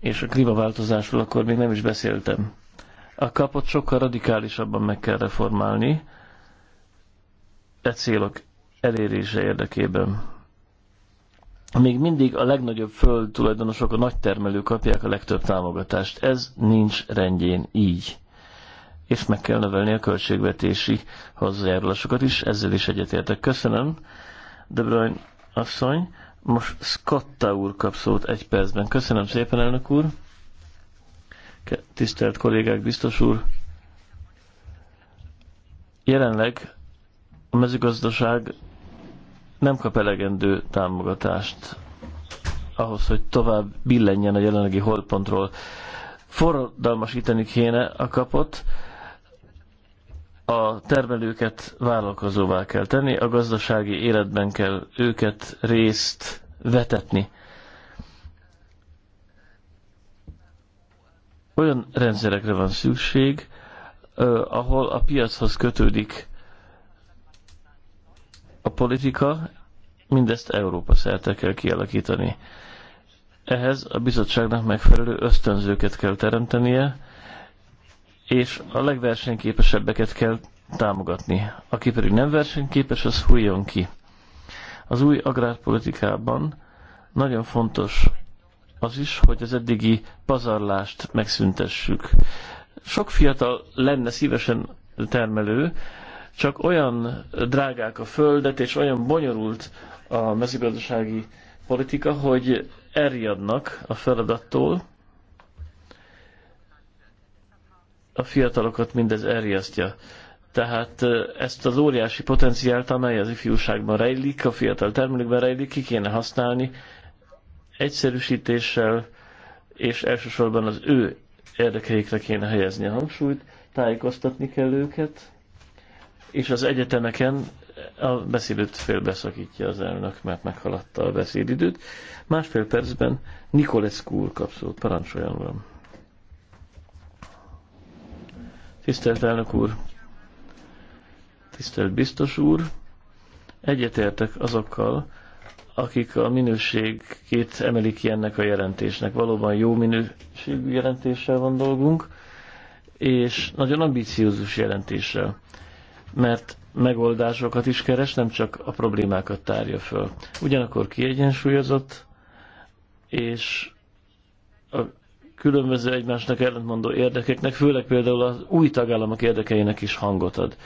És a klímaváltozásról akkor még nem is beszéltem. A kapot sokkal radikálisabban meg kell reformálni, e célok elérése érdekében. Még mindig a legnagyobb föld tulajdonosok a nagy termelők kapják a legtöbb támogatást. Ez nincs rendjén így. És meg kell növelni a költségvetési hozzájárulásokat is, ezzel is egyetértek. Köszönöm, De Bruyne asszony. Most Scotta úr kap szót egy percben. Köszönöm szépen, elnök úr. Tisztelt kollégák, biztos úr. Jelenleg a mezőgazdaság nem kap elegendő támogatást ahhoz, hogy tovább billenjen a jelenlegi holdpontról. Forradalmasítani kéne a kapot, a termelőket vállalkozóvá kell tenni, a gazdasági életben kell őket részt vetetni. Olyan rendszerekre van szükség, ahol a piachoz kötődik politika, mindezt Európa szerte kell kialakítani. Ehhez a bizottságnak megfelelő ösztönzőket kell teremtenie, és a legversenyképesebbeket kell támogatni. Aki pedig nem versenyképes, az hújjon ki. Az új agrárpolitikában nagyon fontos az is, hogy az eddigi pazarlást megszüntessük. Sok fiatal lenne szívesen termelő, csak olyan drágák a földet, és olyan bonyolult a mezőgazdasági politika, hogy elriadnak a feladattól. A fiatalokat mindez elriasztja. Tehát ezt az óriási potenciált, amely az ifjúságban rejlik, a fiatal termelőkben rejlik, ki kéne használni egyszerűsítéssel, és elsősorban az ő érdekeikre kéne helyezni a hangsúlyt, tájékoztatni kell őket, és az egyetemeken a beszédőt félbeszakítja az elnök, mert meghaladta a beszédidőt. Másfél percben Nikolescu úr kap szót, parancsoljon van. Tisztelt elnök úr, tisztelt biztos úr, egyetértek azokkal, akik a minőségét emelik ki ennek a jelentésnek. Valóban jó minőségű jelentéssel van dolgunk, és nagyon ambiciózus jelentéssel mert megoldásokat is keres, nem csak a problémákat tárja föl. Ugyanakkor kiegyensúlyozott, és a különböző egymásnak ellentmondó érdekeknek, főleg például az új tagállamok érdekeinek is hangot ad.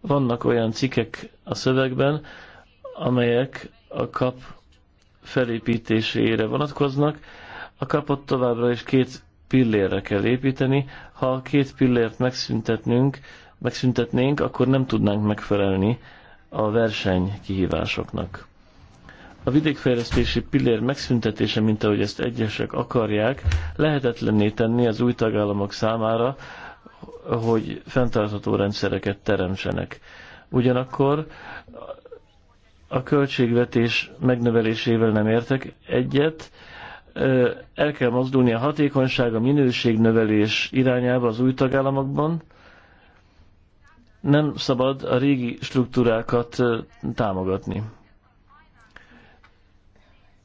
Vannak olyan cikkek a szövegben, amelyek a kap felépítésére vonatkoznak. A kapot továbbra is két pillérre kell építeni. Ha a két pillért megszüntetnünk, megszüntetnénk, akkor nem tudnánk megfelelni a verseny kihívásoknak. A vidékfejlesztési pillér megszüntetése, mint ahogy ezt egyesek akarják, lehetetlenné tenni az új tagállamok számára, hogy fenntartható rendszereket teremtsenek. Ugyanakkor a költségvetés megnövelésével nem értek egyet, el kell mozdulni a hatékonyság, a növelés irányába az új tagállamokban, nem szabad a régi struktúrákat támogatni.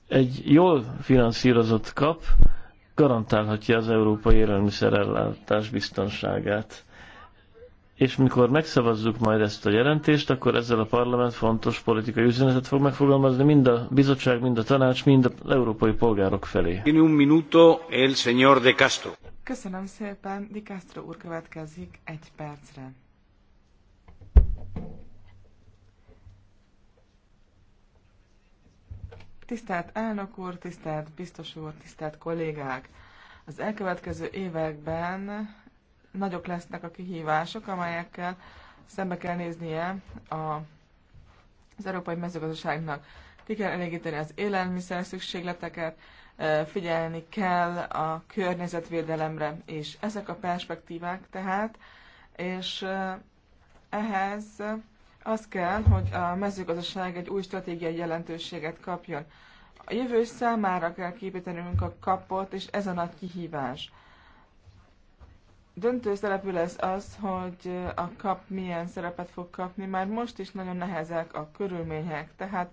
Egy jól finanszírozott kap garantálhatja az európai élelmiszerellátás biztonságát. És mikor megszavazzuk majd ezt a jelentést, akkor ezzel a parlament fontos politikai üzenetet fog megfogalmazni mind a bizottság, mind a tanács, mind az európai polgárok felé. minuto el señor de Castro. Köszönöm szépen, Di Castro úr következik egy percre. Tisztelt elnök úr, tisztelt biztos úr, tisztelt kollégák! Az elkövetkező években nagyok lesznek a kihívások, amelyekkel szembe kell néznie a, az európai mezőgazdaságnak. Ki kell elégíteni az élelmiszer szükségleteket, figyelni kell a környezetvédelemre, és ezek a perspektívák tehát, és ehhez az kell, hogy a mezőgazdaság egy új stratégiai jelentőséget kapjon. A jövő számára kell képítenünk a kapot, és ez a nagy kihívás. Döntő szerepül ez az, hogy a kap milyen szerepet fog kapni. Már most is nagyon nehezek a körülmények, tehát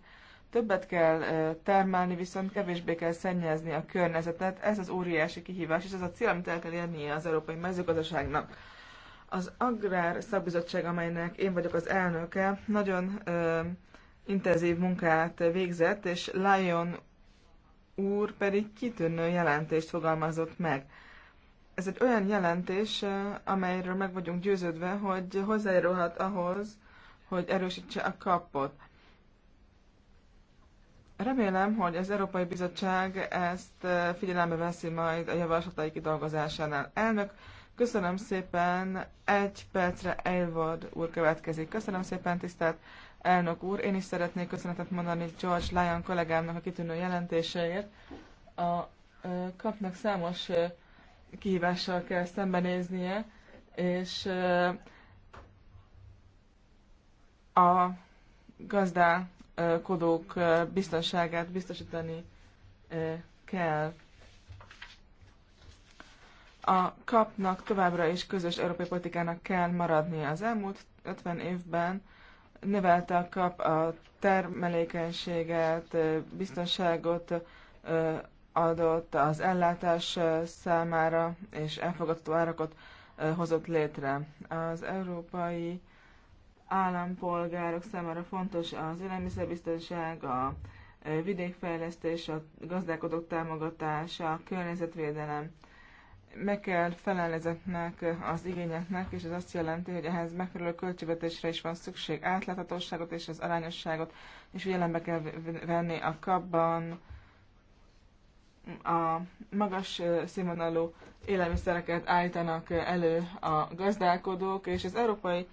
többet kell termelni, viszont kevésbé kell szennyezni a környezetet. Ez az óriási kihívás, és ez a cél, amit el kell érnie az európai mezőgazdaságnak. Az Agrár Szakbizottság, amelynek én vagyok az elnöke, nagyon ö, intenzív munkát végzett, és Lion úr pedig kitűnő jelentést fogalmazott meg. Ez egy olyan jelentés, amelyről meg vagyunk győződve, hogy hozzájárulhat ahhoz, hogy erősítse a kapot. Remélem, hogy az Európai Bizottság ezt figyelembe veszi majd a javaslatai kidolgozásánál. Elnök, Köszönöm szépen, egy percre Elvad úr következik. Köszönöm szépen, tisztelt elnök úr. Én is szeretnék köszönetet mondani George Lyon kollégámnak a kitűnő jelentéseért. A kapnak számos kihívással kell szembenéznie, és a gazdálkodók biztonságát biztosítani kell. A kapnak továbbra is közös európai politikának kell maradnia. Az elmúlt 50 évben növelte a kap a termelékenységet, biztonságot adott az ellátás számára, és elfogadható árakat hozott létre. Az európai állampolgárok számára fontos az élelmiszerbiztonság, a vidékfejlesztés, a gazdálkodók támogatása, a környezetvédelem meg kell felelni ezeknek az igényeknek, és ez azt jelenti, hogy ehhez megfelelő költségvetésre is van szükség, átláthatóságot és az arányosságot, és figyelembe kell venni a kapban a magas színvonalú élelmiszereket állítanak elő a gazdálkodók, és az európai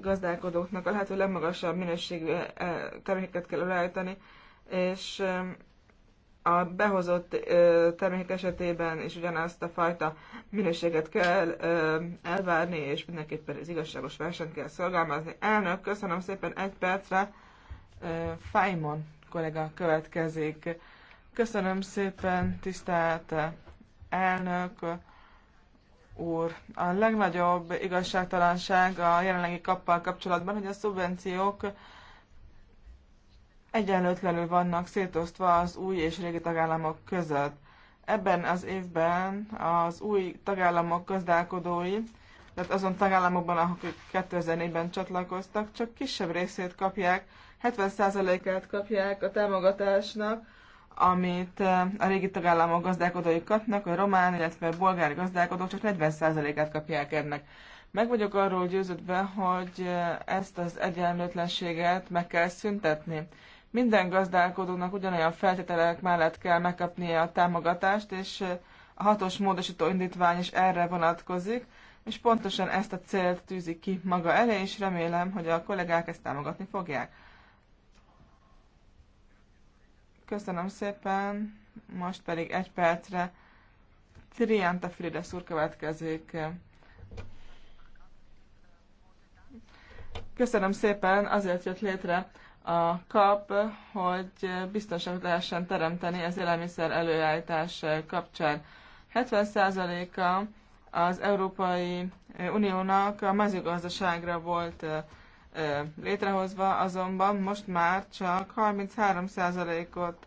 gazdálkodóknak a lehető legmagasabb minőségű termékeket kell előállítani, és a behozott termékek esetében is ugyanazt a fajta minőséget kell elvárni, és mindenképpen az igazságos versenyt kell szolgálmazni. Elnök, köszönöm szépen egy percre. Fájmon kollega következik. Köszönöm szépen, tisztelt elnök úr. A legnagyobb igazságtalanság a jelenlegi kappal kapcsolatban, hogy a szubvenciók egyenlőtlenül vannak szétosztva az új és régi tagállamok között. Ebben az évben az új tagállamok gazdálkodói, tehát azon tagállamokban, akik 2004-ben csatlakoztak, csak kisebb részét kapják, 70%-át kapják a támogatásnak, amit eh, a régi tagállamok gazdálkodói kapnak, a román, illetve a bolgár gazdálkodók csak 40%-át kapják ennek. Meg vagyok arról győződve, hogy eh, ezt az egyenlőtlenséget meg kell szüntetni. Minden gazdálkodónak ugyanolyan feltételek mellett kell megkapnia a támogatást, és a hatos módosító indítvány is erre vonatkozik, és pontosan ezt a célt tűzi ki maga elé, és remélem, hogy a kollégák ezt támogatni fogják. Köszönöm szépen, most pedig egy percre Trianta Frida úr következik. Köszönöm szépen, azért jött létre a kap, hogy biztonságot lehessen teremteni az élelmiszer előállítás kapcsán. 70%-a az Európai Uniónak a mezőgazdaságra volt létrehozva, azonban most már csak 33%-ot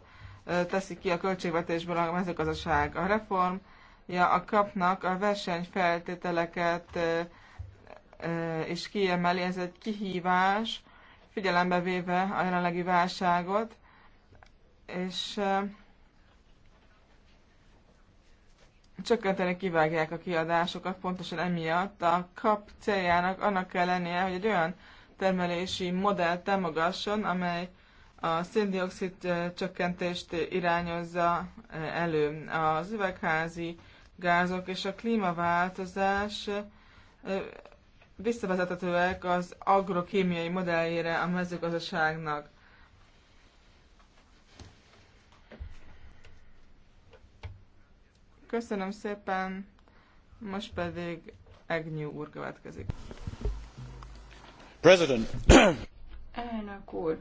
teszik ki a költségvetésből a mezőgazdaság. A reformja a kapnak a versenyfeltételeket is kiemeli, ez egy kihívás figyelembe véve a jelenlegi válságot, és csökkenteni kivágják a kiadásokat, pontosan emiatt a kap céljának annak kell lennie, hogy egy olyan termelési modell támogasson, amely a széndiokszid csökkentést irányozza elő. Az üvegházi gázok és a klímaváltozás visszavezethetőek az agrokémiai modelljére a mezőgazdaságnak. Köszönöm szépen, most pedig Egnyú úr következik. President. Elnök úr.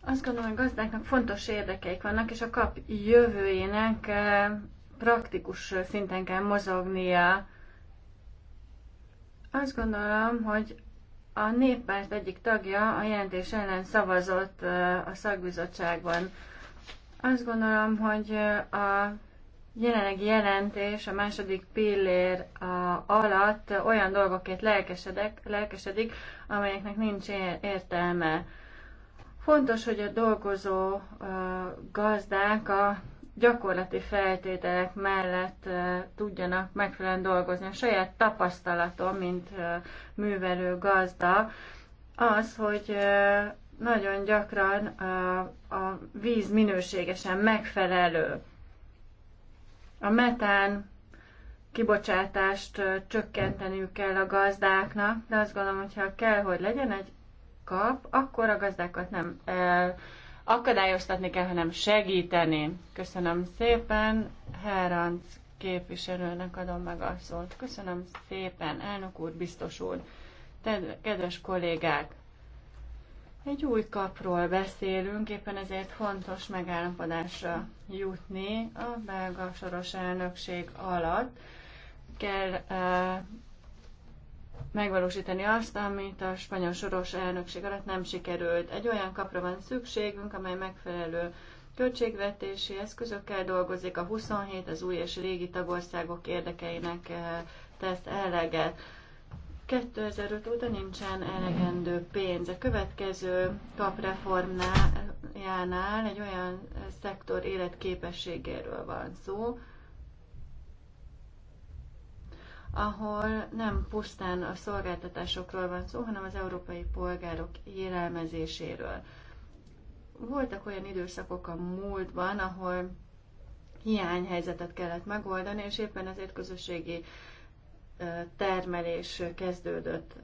Azt gondolom, hogy gazdáknak fontos érdekeik vannak, és a kap jövőjének eh, praktikus szinten kell mozognia azt gondolom, hogy a néppárt egyik tagja a jelentés ellen szavazott a szakbizottságban. Azt gondolom, hogy a jelenlegi jelentés a második pillér a alatt olyan dolgokért lelkesedek, lelkesedik, amelyeknek nincs értelme. Fontos, hogy a dolgozó gazdák a gyakorlati feltételek mellett tudjanak megfelelően dolgozni. A saját tapasztalatom, mint művelő gazda, az, hogy nagyon gyakran a víz minőségesen megfelelő. A metán kibocsátást csökkenteniük kell a gazdáknak, de azt gondolom, hogyha kell, hogy legyen egy kap, akkor a gazdákat nem akadályoztatni kell, hanem segíteni. Köszönöm szépen, Heranc képviselőnek adom meg a szót. Köszönöm szépen, elnök úr, biztos úr, kedves kollégák! Egy új kapról beszélünk, éppen ezért fontos megállapodásra jutni a belga soros elnökség alatt. Kell eh, megvalósítani azt, amit a spanyol soros elnökség alatt nem sikerült. Egy olyan kapra van szükségünk, amely megfelelő költségvetési eszközökkel dolgozik, a 27 az új és régi tagországok érdekeinek eh, tesz eleget. 2005 óta nincsen elegendő pénz. A következő kapreformjánál egy olyan szektor életképességéről van szó, ahol nem pusztán a szolgáltatásokról van szó, hanem az európai polgárok élelmezéséről. Voltak olyan időszakok a múltban, ahol hiányhelyzetet kellett megoldani, és éppen ezért közösségi termelés kezdődött.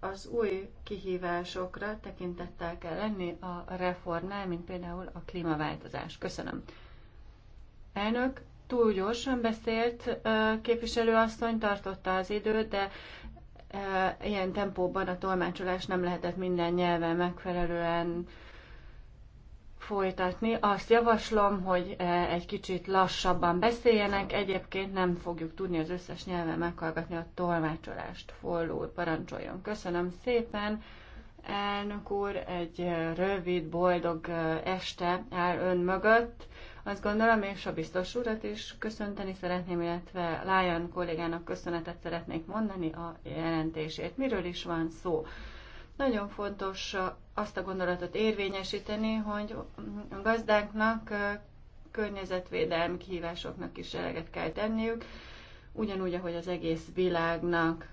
Az új kihívásokra tekintettel kell lenni a reformnál, mint például a klímaváltozás. Köszönöm. Elnök, túl gyorsan beszélt képviselőasszony, tartotta az időt, de ilyen tempóban a tolmácsolás nem lehetett minden nyelven megfelelően folytatni. Azt javaslom, hogy egy kicsit lassabban beszéljenek, egyébként nem fogjuk tudni az összes nyelven meghallgatni a tolmácsolást. Folló parancsoljon. Köszönöm szépen. Elnök úr, egy rövid, boldog este áll ön mögött azt gondolom, és a biztos urat is köszönteni szeretném, illetve Lájan kollégának köszönetet szeretnék mondani a jelentését. Miről is van szó? Nagyon fontos azt a gondolatot érvényesíteni, hogy a gazdáknak környezetvédelmi kihívásoknak is eleget kell tenniük, ugyanúgy, ahogy az egész világnak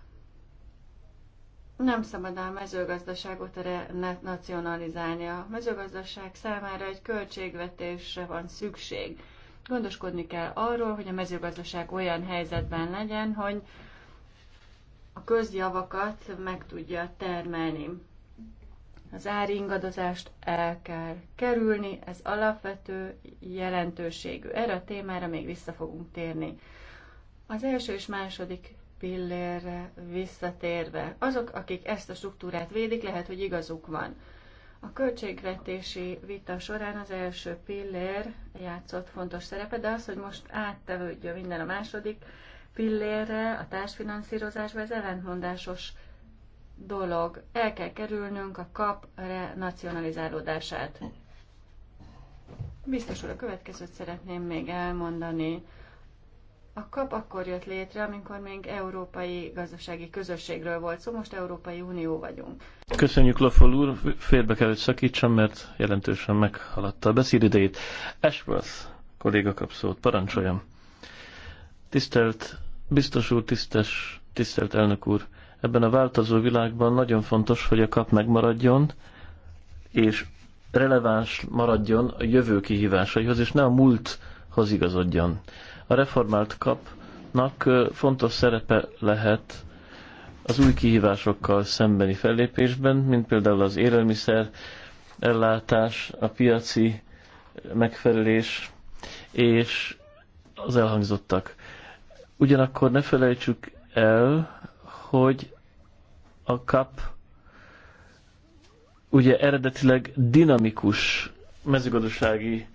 nem szabad a mezőgazdaságot erre nacionalizálni. A mezőgazdaság számára egy költségvetésre van szükség. Gondoskodni kell arról, hogy a mezőgazdaság olyan helyzetben legyen, hogy a közjavakat meg tudja termelni. Az áringadozást el kell kerülni, ez alapvető jelentőségű. Erre a témára még vissza fogunk térni. Az első és második pillérre visszatérve. Azok, akik ezt a struktúrát védik, lehet, hogy igazuk van. A költségvetési vita során az első pillér játszott fontos szerepet, de az, hogy most áttevődjön minden a második pillérre, a társfinanszírozásba, ez ellentmondásos dolog. El kell kerülnünk a kap nacionalizálódását. Biztos úr, a következőt szeretném még elmondani. A kap akkor jött létre, amikor még Európai Gazdasági Közösségről volt szó, szóval most Európai Unió vagyunk. Köszönjük Lofol úr, félbe kell, hogy szakítsam, mert jelentősen meghaladta a beszédidejét. Ashworth kolléga kap szót, parancsoljam. Tisztelt biztos úr, tisztes, tisztelt elnök úr, ebben a változó világban nagyon fontos, hogy a kap megmaradjon, és releváns maradjon a jövő kihívásaihoz, és ne a múlthoz igazodjon. A reformált kapnak fontos szerepe lehet az új kihívásokkal szembeni fellépésben, mint például az élelmiszer ellátás, a piaci megfelelés és az elhangzottak. Ugyanakkor ne felejtsük el, hogy a kap ugye eredetileg dinamikus mezőgazdasági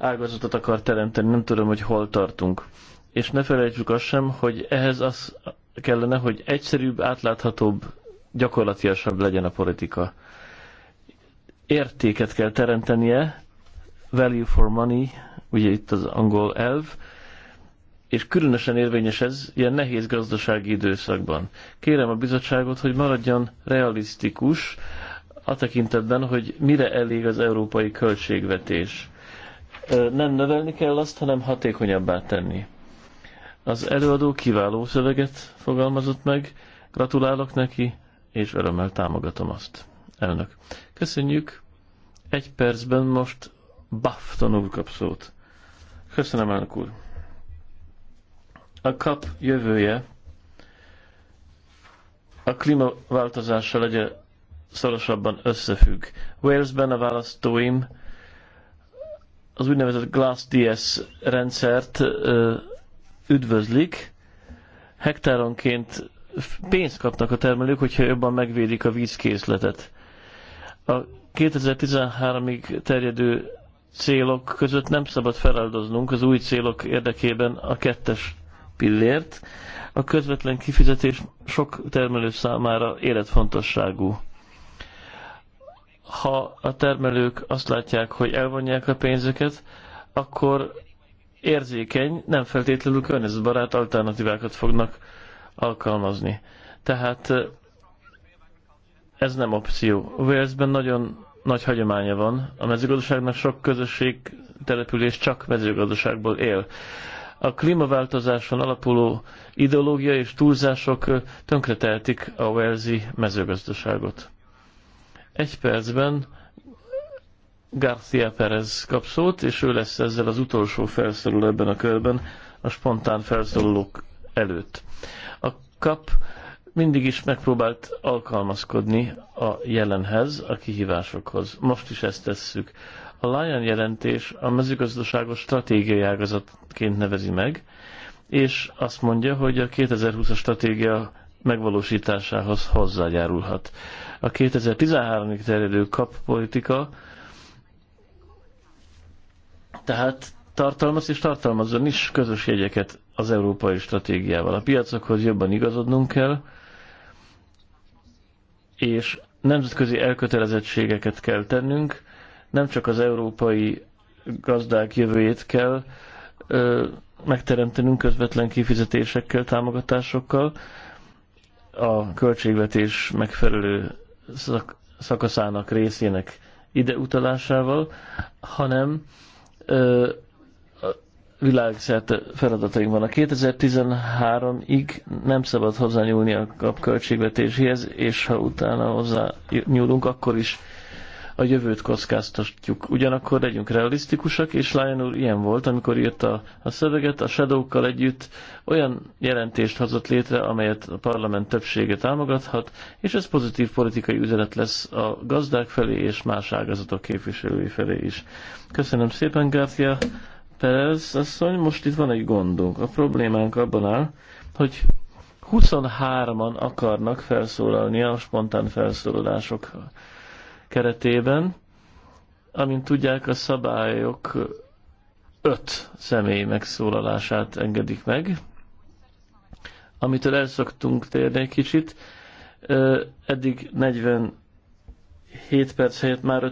ágazatot akar teremteni, nem tudom, hogy hol tartunk. És ne felejtsük azt sem, hogy ehhez az kellene, hogy egyszerűbb, átláthatóbb, gyakorlatiasabb legyen a politika. Értéket kell teremtenie, value for money, ugye itt az angol elv, és különösen érvényes ez ilyen nehéz gazdasági időszakban. Kérem a bizottságot, hogy maradjon realisztikus a tekintetben, hogy mire elég az európai költségvetés nem növelni kell azt, hanem hatékonyabbá tenni. Az előadó kiváló szöveget fogalmazott meg, gratulálok neki, és örömmel támogatom azt. Elnök. Köszönjük. Egy percben most Bafton tanul kap szót. Köszönöm, elnök úr. A kap jövője a klímaváltozással egyre szorosabban összefügg. Walesben a választóim az úgynevezett GlassDS rendszert üdvözlik. Hektáronként pénzt kapnak a termelők, hogyha jobban megvédik a vízkészletet. A 2013-ig terjedő célok között nem szabad feláldoznunk az új célok érdekében a kettes pillért. A közvetlen kifizetés sok termelő számára életfontosságú ha a termelők azt látják, hogy elvonják a pénzüket, akkor érzékeny, nem feltétlenül környezetbarát alternatívákat fognak alkalmazni. Tehát ez nem opció. Walesben nagyon nagy hagyománya van. A mezőgazdaságnak sok közösség település csak mezőgazdaságból él. A klímaváltozáson alapuló ideológia és túlzások tönkretehetik a Walesi mezőgazdaságot. Egy percben García Perez kap szót, és ő lesz ezzel az utolsó felszólaló ebben a körben, a spontán felszólalók előtt. A kap mindig is megpróbált alkalmazkodni a jelenhez, a kihívásokhoz. Most is ezt tesszük. A Lion jelentés a mezőgazdaságos stratégiai ágazatként nevezi meg, és azt mondja, hogy a 2020-as stratégia megvalósításához hozzájárulhat. A 2013-ig terjedő kap politika tehát tartalmaz és tartalmazzon is közös jegyeket az európai stratégiával. A piacokhoz jobban igazodnunk kell, és nemzetközi elkötelezettségeket kell tennünk, nem csak az európai gazdák jövőjét kell ö, megteremtenünk közvetlen kifizetésekkel, támogatásokkal, a költségvetés megfelelő szak, szakaszának részének ide utalásával, hanem ö, világszerte feladataink van. A 2013-ig nem szabad hozzányúlni a költségvetéshez és ha utána hozzá nyúlunk, akkor is a jövőt kockáztatjuk. Ugyanakkor legyünk realisztikusak, és Lion úr ilyen volt, amikor írta a szöveget, a shadow együtt olyan jelentést hozott létre, amelyet a parlament többsége támogathat, és ez pozitív politikai üzenet lesz a gazdák felé és más ágazatok képviselői felé is. Köszönöm szépen, Gárcia Perez asszony. Most itt van egy gondunk. A problémánk abban áll, hogy 23-an akarnak felszólalni a spontán felszólalások keretében. Amint tudják, a szabályok öt személy megszólalását engedik meg, amitől elszoktunk térni egy kicsit. Eddig 47 perc helyett már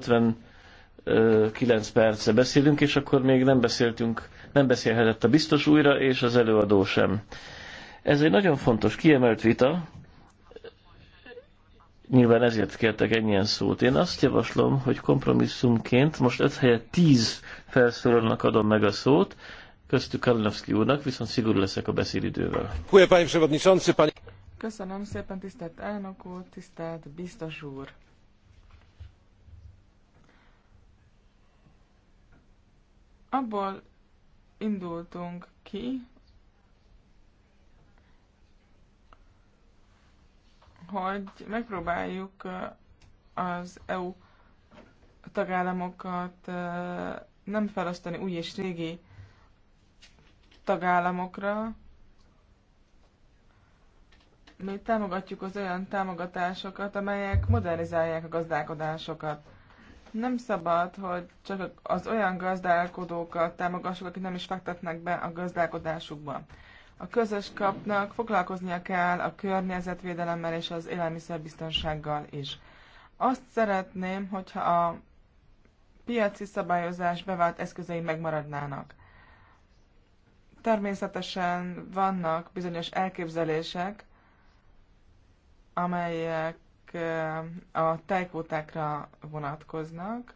59 perce beszélünk, és akkor még nem beszéltünk, nem beszélhetett a biztos újra, és az előadó sem. Ez egy nagyon fontos, kiemelt vita, Nyilván ezért kértek ennyien szót. Én azt javaslom, hogy kompromisszumként most öt helyet tíz felszólalnak adom meg a szót, köztük Kalinowski úrnak, viszont szigorú leszek a beszédidővel. Köszönöm szépen, tisztelt elnök úr, tisztelt biztos úr. Abból indultunk ki, hogy megpróbáljuk az EU tagállamokat nem felosztani új és régi tagállamokra. Mi támogatjuk az olyan támogatásokat, amelyek modernizálják a gazdálkodásokat. Nem szabad, hogy csak az olyan gazdálkodókat támogassuk, akik nem is fektetnek be a gazdálkodásukba. A közös kapnak foglalkoznia kell a környezetvédelemmel és az élelmiszerbiztonsággal is. Azt szeretném, hogyha a piaci szabályozás bevált eszközei megmaradnának. Természetesen vannak bizonyos elképzelések, amelyek eh, a tejkvótákra vonatkoznak.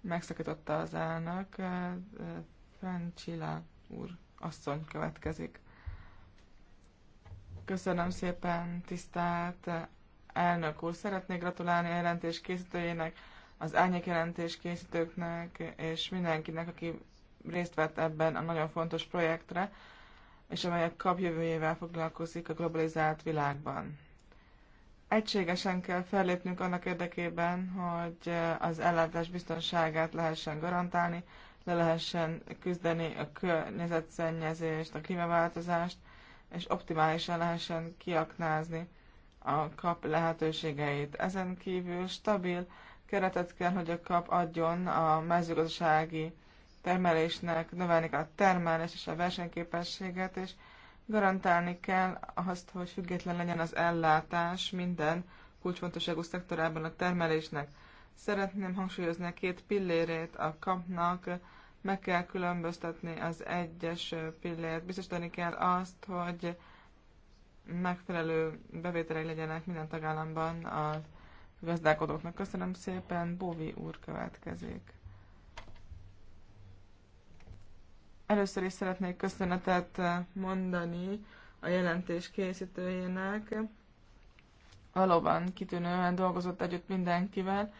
Megszakította az elnök. Eh, eh, Fencsila úr asszony következik. Köszönöm szépen, tisztelt elnök úr. Szeretnék gratulálni a jelentés készítőjének, az árnyék jelentés készítőknek és mindenkinek, aki részt vett ebben a nagyon fontos projektre, és amely a kap jövőjével foglalkozik a globalizált világban. Egységesen kell fellépnünk annak érdekében, hogy az ellátás biztonságát lehessen garantálni, le lehessen küzdeni a környezetszennyezést, a klímaváltozást, és optimálisan lehessen kiaknázni a kap lehetőségeit. Ezen kívül stabil keretet kell, hogy a kap adjon a mezőgazdasági termelésnek, növelni kell a termelést és a versenyképességet, és garantálni kell azt, hogy független legyen az ellátás minden kulcsfontosságú szektorában a termelésnek. Szeretném hangsúlyozni a két pillérét a kapnak, meg kell különböztetni az egyes pillért, biztosítani kell azt, hogy megfelelő bevételei legyenek minden tagállamban a gazdálkodóknak. Köszönöm szépen, Bóvi úr következik. Először is szeretnék köszönetet mondani a jelentés készítőjének. Valóban kitűnően dolgozott együtt mindenkivel,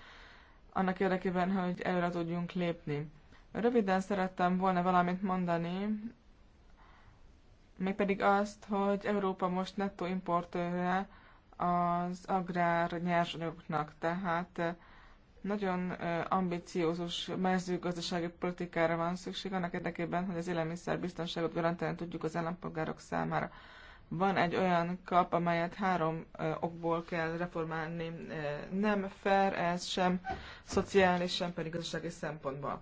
annak érdekében, hogy előre tudjunk lépni. Röviden szerettem volna valamit mondani, mégpedig azt, hogy Európa most nettó importőre az agrár nyersanyagoknak, tehát nagyon ambiciózus mezőgazdasági politikára van szükség annak érdekében, hogy az élelmiszerbiztonságot garantálni tudjuk az állampolgárok számára. Van egy olyan kap, amelyet három okból kell reformálni. Nem fair ez sem, szociális, sem pedig gazdasági szempontból.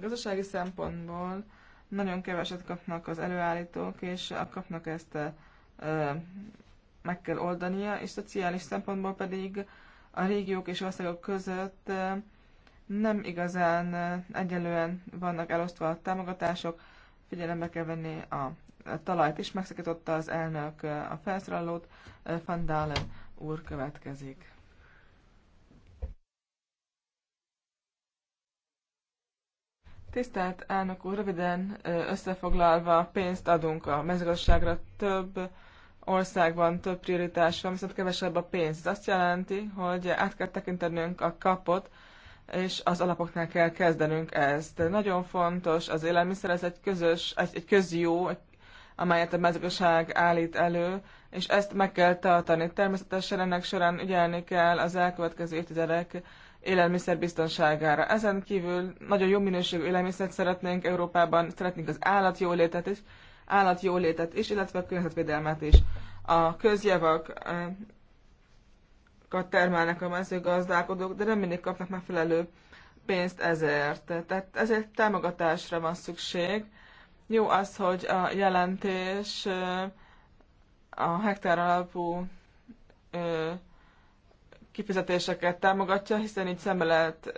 Gazdasági szempontból nagyon keveset kapnak az előállítók, és kapnak ezt e, meg kell oldania, és szociális szempontból pedig a régiók és országok között nem igazán egyelően vannak elosztva a támogatások, figyelembe kell venni a talajt is, megszakította az elnök a felszólalót, e, Dalen úr következik. Tisztelt elnök úr, röviden összefoglalva pénzt adunk a mezőgazdaságra több országban több prioritás van, viszont kevesebb a pénz. Ez azt jelenti, hogy át kell tekintenünk a kapot, és az alapoknál kell kezdenünk ezt. Nagyon fontos, az élelmiszer ez egy közös, egy, egy közjó, amelyet a mezőgazdaság állít elő, és ezt meg kell tartani. Természetesen ennek során ügyelni kell az elkövetkező évtizedek élelmiszer biztonságára. Ezen kívül nagyon jó minőségű élelmiszert szeretnénk Európában, szeretnénk az állatjólétet is, állatjólétet is, illetve a környezetvédelmet is. A a eh, termelnek a mezőgazdálkodók, de nem mindig kapnak megfelelő pénzt ezért. Tehát ezért támogatásra van szükség. Jó az, hogy a jelentés eh, a hektár alapú eh, kifizetéseket támogatja, hiszen így szembe lehet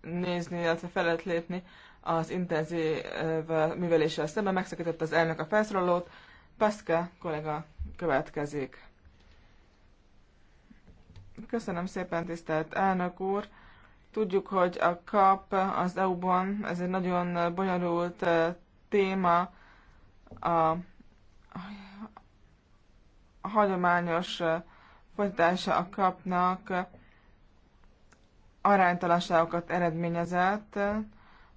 nézni, illetve fel lehet lépni az intenzív műveléssel szemben. Megszakított az elnök a felszólalót. Peszke kollega következik. Köszönöm szépen, tisztelt elnök úr! Tudjuk, hogy a KAP az EU-ban, ez egy nagyon bonyolult téma, a hagyományos folytatása a kapnak aránytalanságokat eredményezett.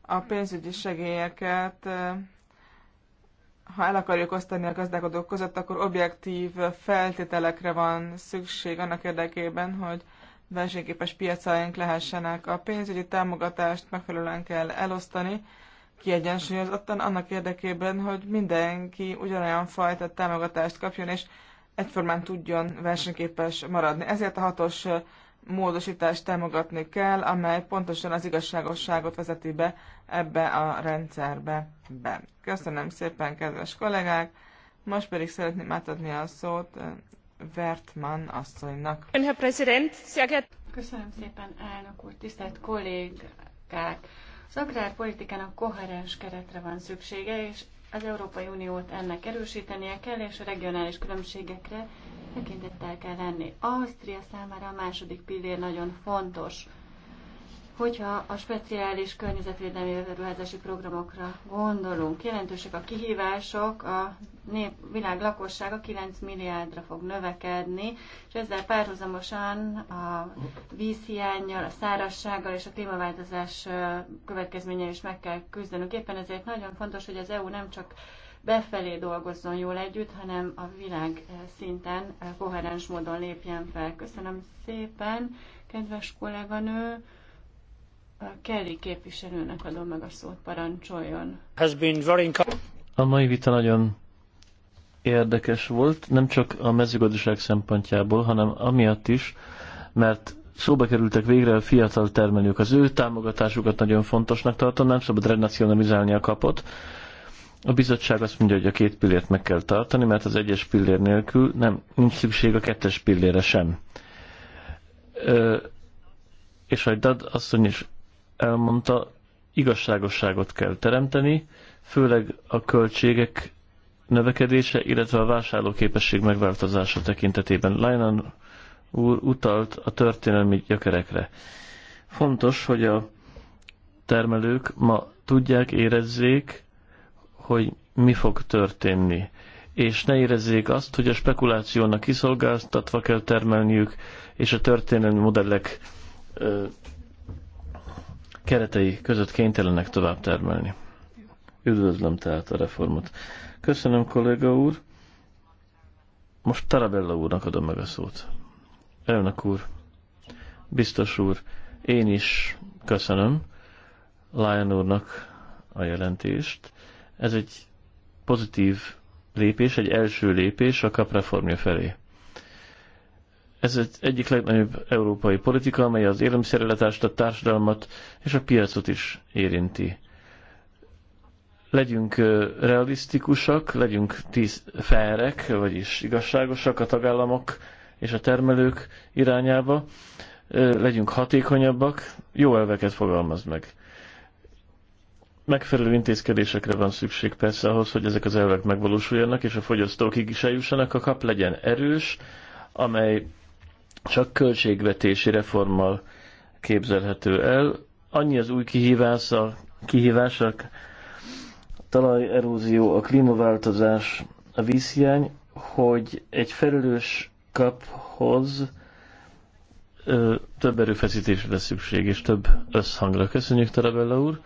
A pénzügyi segélyeket, ha el akarjuk osztani a gazdálkodók között, akkor objektív feltételekre van szükség annak érdekében, hogy versenyképes piacaink lehessenek. A pénzügyi támogatást megfelelően kell elosztani, kiegyensúlyozottan annak érdekében, hogy mindenki ugyanolyan fajta támogatást kapjon, és egyformán tudjon versenyképes maradni. Ezért a hatos módosítást támogatni kell, amely pontosan az igazságosságot vezeti be ebbe a rendszerbe. Be. Köszönöm szépen, kedves kollégák! Most pedig szeretném átadni a szót Vertman asszonynak. Köszönöm szépen, elnök úr, tisztelt kollégák! Az agrárpolitikának koherens keretre van szüksége, és az Európai Uniót ennek erősítenie kell, és a regionális különbségekre tekintettel kell lenni. Ausztria számára a második pillér nagyon fontos. Hogyha a speciális környezetvédelmi beruházási programokra gondolunk, jelentősek a kihívások, a nép, világ lakossága 9 milliárdra fog növekedni, és ezzel párhuzamosan a vízhiányjal, a szárassággal és a klímaváltozás következménye is meg kell küzdenünk. Éppen ezért nagyon fontos, hogy az EU nem csak befelé dolgozzon jól együtt, hanem a világ szinten koherens módon lépjen fel. Köszönöm szépen, kedves kolléganő! Kelly képviselőnek adom meg a szót, parancsoljon. A mai vita nagyon érdekes volt, nem csak a mezőgazdaság szempontjából, hanem amiatt is, mert szóba kerültek végre a fiatal termelők. Az ő támogatásukat nagyon fontosnak tartom, nem szabad renacionalizálni a kapot. A bizottság azt mondja, hogy a két pillért meg kell tartani, mert az egyes pillér nélkül nem, nincs szükség a kettes pillére sem. Ö, és ahogy Dad asszony is elmondta, igazságosságot kell teremteni, főleg a költségek növekedése, illetve a vásárlóképesség megváltozása tekintetében. Lajnan úr utalt a történelmi gyökerekre. Fontos, hogy a termelők ma tudják, érezzék, hogy mi fog történni, és ne érezzék azt, hogy a spekulációnak kiszolgáltatva kell termelniük, és a történelmi modellek keretei között kénytelenek tovább termelni. Üdvözlöm tehát a reformot. Köszönöm, kolléga úr. Most Tarabella úrnak adom meg a szót. Elnök úr, biztos úr, én is köszönöm Lion úrnak a jelentést. Ez egy pozitív lépés, egy első lépés a kapreformja felé. Ez egy egyik legnagyobb európai politika, amely az élelmiszerellátást, a társadalmat és a piacot is érinti. Legyünk realisztikusak, legyünk tíz felek, vagyis igazságosak a tagállamok és a termelők irányába, legyünk hatékonyabbak, jó elveket fogalmaz meg. Megfelelő intézkedésekre van szükség persze ahhoz, hogy ezek az elvek megvalósuljanak, és a fogyasztókig is eljussanak. A kap legyen erős, amely csak költségvetési reformmal képzelhető el. Annyi az új kihívás, a a talajerózió, a klímaváltozás, a vízhiány, hogy egy felelős kaphoz ö, több erőfeszítésre szükség, és több összhangra. Köszönjük, Tarabella úr!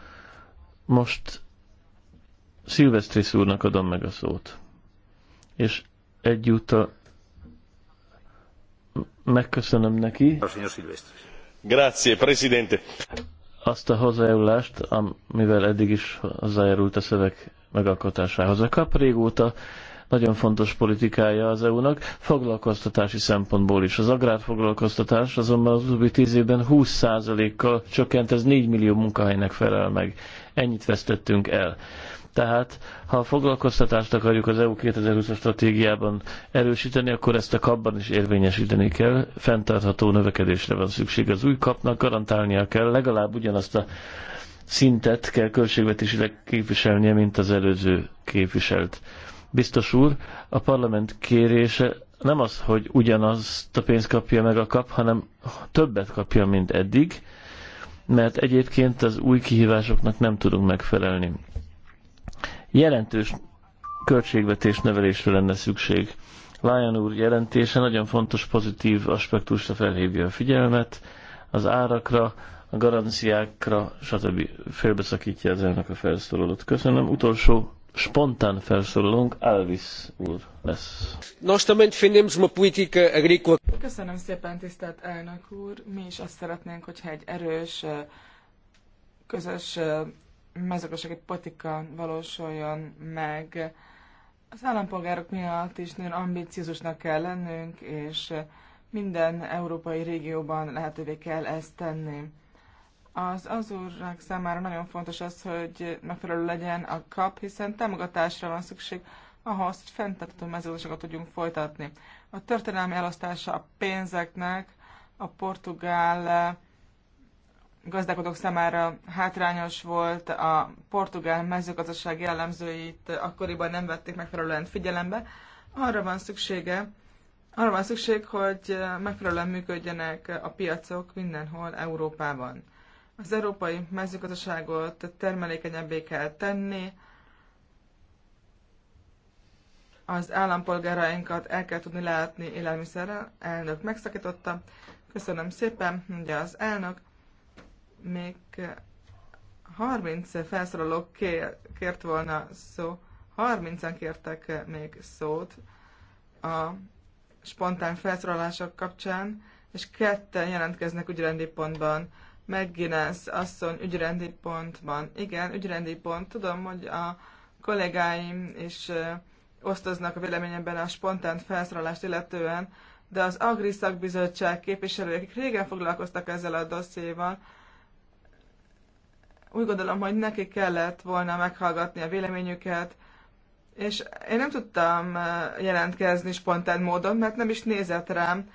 Most Szilvesztrisz úrnak adom meg a szót. És egyúttal megköszönöm neki. Grazie, Presidente. Azt a hozzájárulást, amivel eddig is hozzájárult a szöveg megalkotásához. A kap régóta nagyon fontos politikája az EU-nak, foglalkoztatási szempontból is. Az agrárfoglalkoztatás azonban az utóbbi tíz évben 20%-kal csökkent, ez 4 millió munkahelynek felel meg. Ennyit vesztettünk el. Tehát, ha a foglalkoztatást akarjuk az EU 2020-as stratégiában erősíteni, akkor ezt a kapban is érvényesíteni kell. Fenntartható növekedésre van szükség. Az új kapnak garantálnia kell, legalább ugyanazt a szintet kell költségvetésileg képviselnie, mint az előző képviselt. Biztos úr, a parlament kérése nem az, hogy ugyanazt a pénzt kapja meg a kap, hanem többet kapja, mint eddig, mert egyébként az új kihívásoknak nem tudunk megfelelni jelentős költségvetés növelésre lenne szükség. Lion úr jelentése nagyon fontos pozitív aspektusra felhívja a figyelmet, az árakra, a garanciákra, stb. félbeszakítja az elnök a felszólalót. Köszönöm. Utolsó spontán felszólalónk Elvis úr lesz. Nós também defendemos uma política agrícola. Köszönöm szépen, tisztelt elnök úr. Mi is azt szeretnénk, hogyha egy erős közös mezőgazdasági politika valósuljon meg. Az állampolgárok miatt is nagyon ambiciózusnak kell lennünk, és minden európai régióban lehetővé kell ezt tenni. Az azúrák számára nagyon fontos az, hogy megfelelő legyen a kap, hiszen támogatásra van szükség ahhoz, hogy fenntartató mezőgazdaságot tudjunk folytatni. A történelmi elosztása a pénzeknek a portugál gazdálkodók számára hátrányos volt, a portugál mezőgazdaság jellemzőit akkoriban nem vették megfelelően figyelembe. Arra van szüksége, arra van szükség, hogy megfelelően működjenek a piacok mindenhol Európában. Az európai mezőgazdaságot termelékenyebbé kell tenni, az állampolgárainkat el kell tudni látni élelmiszerrel. Elnök megszakította. Köszönöm szépen, mondja az elnök még 30 eh, felszólaló kér, kért volna szó, 30 kértek eh, még szót a spontán felszólalások kapcsán, és ketten jelentkeznek ügyrendi pontban. Megginesz asszony ügyrendi pontban. Igen, ügyrendi pont. Tudom, hogy a kollégáim is eh, osztoznak a véleményemben a spontán felszólalást illetően, de az Agri Szakbizottság képviselői, régen foglalkoztak ezzel a dosszéval, úgy gondolom, hogy neki kellett volna meghallgatni a véleményüket, és én nem tudtam eh, jelentkezni spontán módon, mert nem is nézett rám,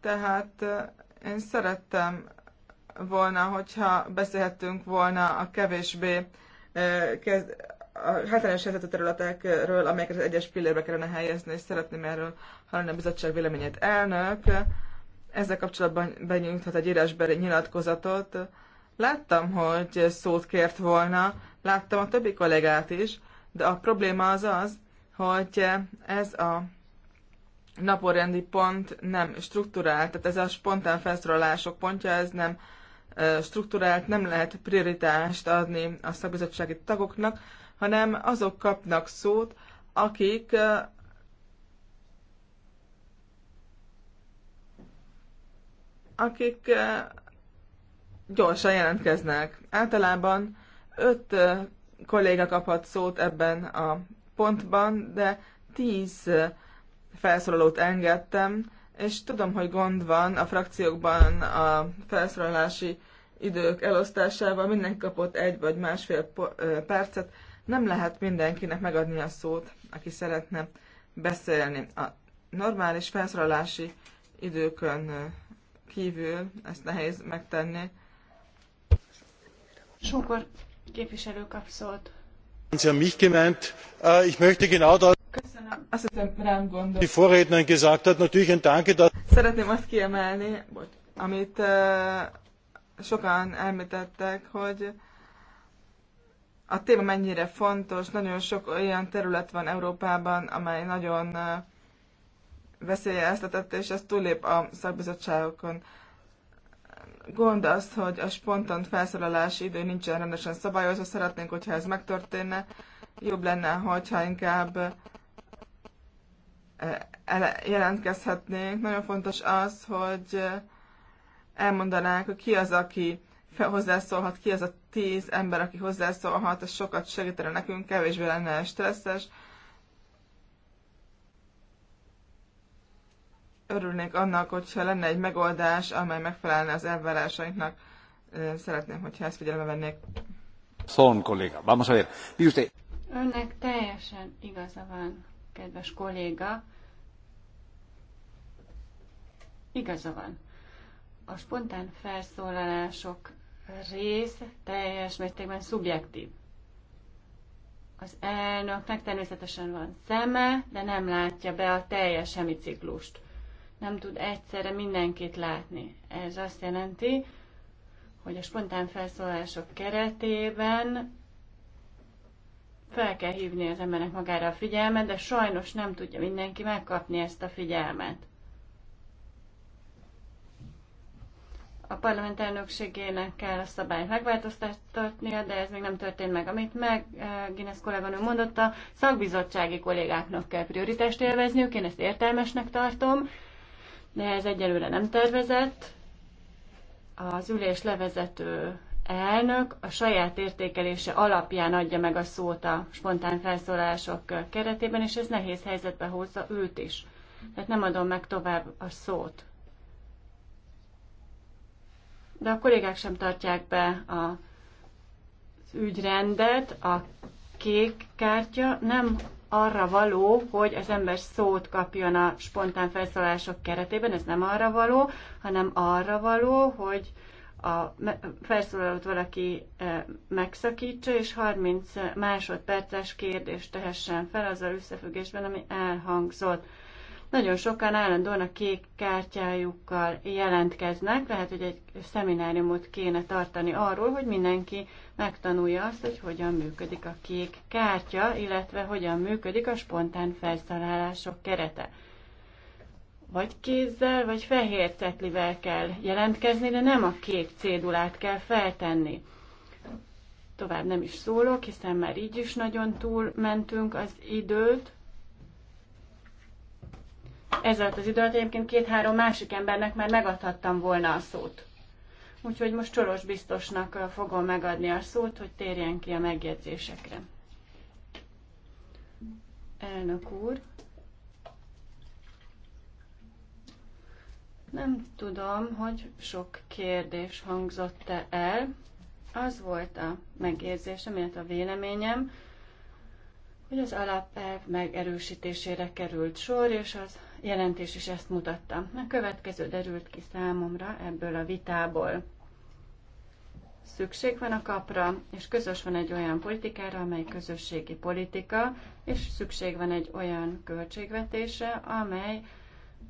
tehát eh, én szerettem volna, hogyha beszélhettünk volna a kevésbé eh, kezd, a hátrányos helyzetű területekről, amelyeket az egyes pillérbe kellene helyezni, és szeretném erről hallani a bizottság véleményét. Elnök ezzel kapcsolatban benyújthat egy írásbeli nyilatkozatot, Láttam, hogy szót kért volna, láttam a többi kollégát is, de a probléma az az, hogy ez a naporendi pont nem strukturált, tehát ez a spontán felszorolások pontja, ez nem strukturált, nem lehet prioritást adni a szakbizottsági tagoknak, hanem azok kapnak szót, akik akik gyorsan jelentkeznek. Általában öt kolléga kaphat szót ebben a pontban, de tíz felszólalót engedtem, és tudom, hogy gond van a frakciókban a felszólalási idők elosztásával, mindenki kapott egy vagy másfél percet, nem lehet mindenkinek megadni a szót, aki szeretne beszélni. A normális felszólalási időkön kívül ezt nehéz megtenni. Sógor képviselő kap szót. Äh, ich möchte genau das Die Vorrednerin gesagt hat, natürlich ein Danke. Dass Szeretném azt kiemelni, amit äh, sokan elmítettek, hogy a téma mennyire fontos, nagyon sok olyan terület van Európában, amely nagyon veszélyeztetett, és ez túllép a szakbizottságokon gond az, hogy a spontán felszólalási idő nincsen rendesen szabályozva, szeretnénk, hogyha ez megtörténne. Jobb lenne, hogyha inkább eh, jelentkezhetnénk. Nagyon fontos az, hogy eh, elmondanák, hogy ki az, aki hozzászólhat, ki az a tíz ember, aki hozzászólhat, ez sokat segítene nekünk, kevésbé lenne stresszes, örülnék annak, hogyha lenne egy megoldás, amely megfelelne az elvárásainknak. Szeretném, hogyha ezt figyelembe vennék. Szóval, kolléga, vamos a ver. Önnek teljesen igaza van, kedves kolléga. Igaza van. A spontán felszólalások rész teljes mértékben szubjektív. Az elnöknek természetesen van szeme, de nem látja be a teljes hemiciklust nem tud egyszerre mindenkit látni. Ez azt jelenti, hogy a spontán felszólások keretében fel kell hívni az embernek magára a figyelmet, de sajnos nem tudja mindenki megkapni ezt a figyelmet. A parlament elnökségének kell a szabályt megváltoztatnia, de ez még nem történt meg. Amit meg eh, Guinness kolléganő mondotta, a szakbizottsági kollégáknak kell prioritást élvezniük, én ezt értelmesnek tartom, de ez egyelőre nem tervezett. Az ülés levezető elnök a saját értékelése alapján adja meg a szót a spontán felszólások keretében, és ez nehéz helyzetbe hozza őt is. Tehát nem adom meg tovább a szót. De a kollégák sem tartják be a, az ügyrendet, a kék kártya nem arra való, hogy az ember szót kapjon a spontán felszólások keretében, ez nem arra való, hanem arra való, hogy a felszólalót valaki e, megszakítsa, és 30 másodperces kérdést tehessen fel azzal összefüggésben, ami elhangzott. Nagyon sokan állandóan a kék kártyájukkal jelentkeznek, lehet, hogy egy szemináriumot kéne tartani arról, hogy mindenki megtanulja azt, hogy hogyan működik a kék kártya, illetve hogyan működik a spontán felszállalások kerete. Vagy kézzel, vagy fehér cetlivel kell jelentkezni, de nem a kék cédulát kell feltenni tovább nem is szólok, hiszen már így is nagyon túl mentünk az időt ez alatt az idő alatt egyébként két-három másik embernek már megadhattam volna a szót. Úgyhogy most Csoros biztosnak fogom megadni a szót, hogy térjen ki a megjegyzésekre. Elnök úr. Nem tudom, hogy sok kérdés hangzott-e el. Az volt a megérzésem, illetve a véleményem, hogy az alapelv megerősítésére került sor, és az jelentés is ezt mutatta. A következő derült ki számomra ebből a vitából. Szükség van a kapra, és közös van egy olyan politikára, amely közösségi politika, és szükség van egy olyan költségvetése, amely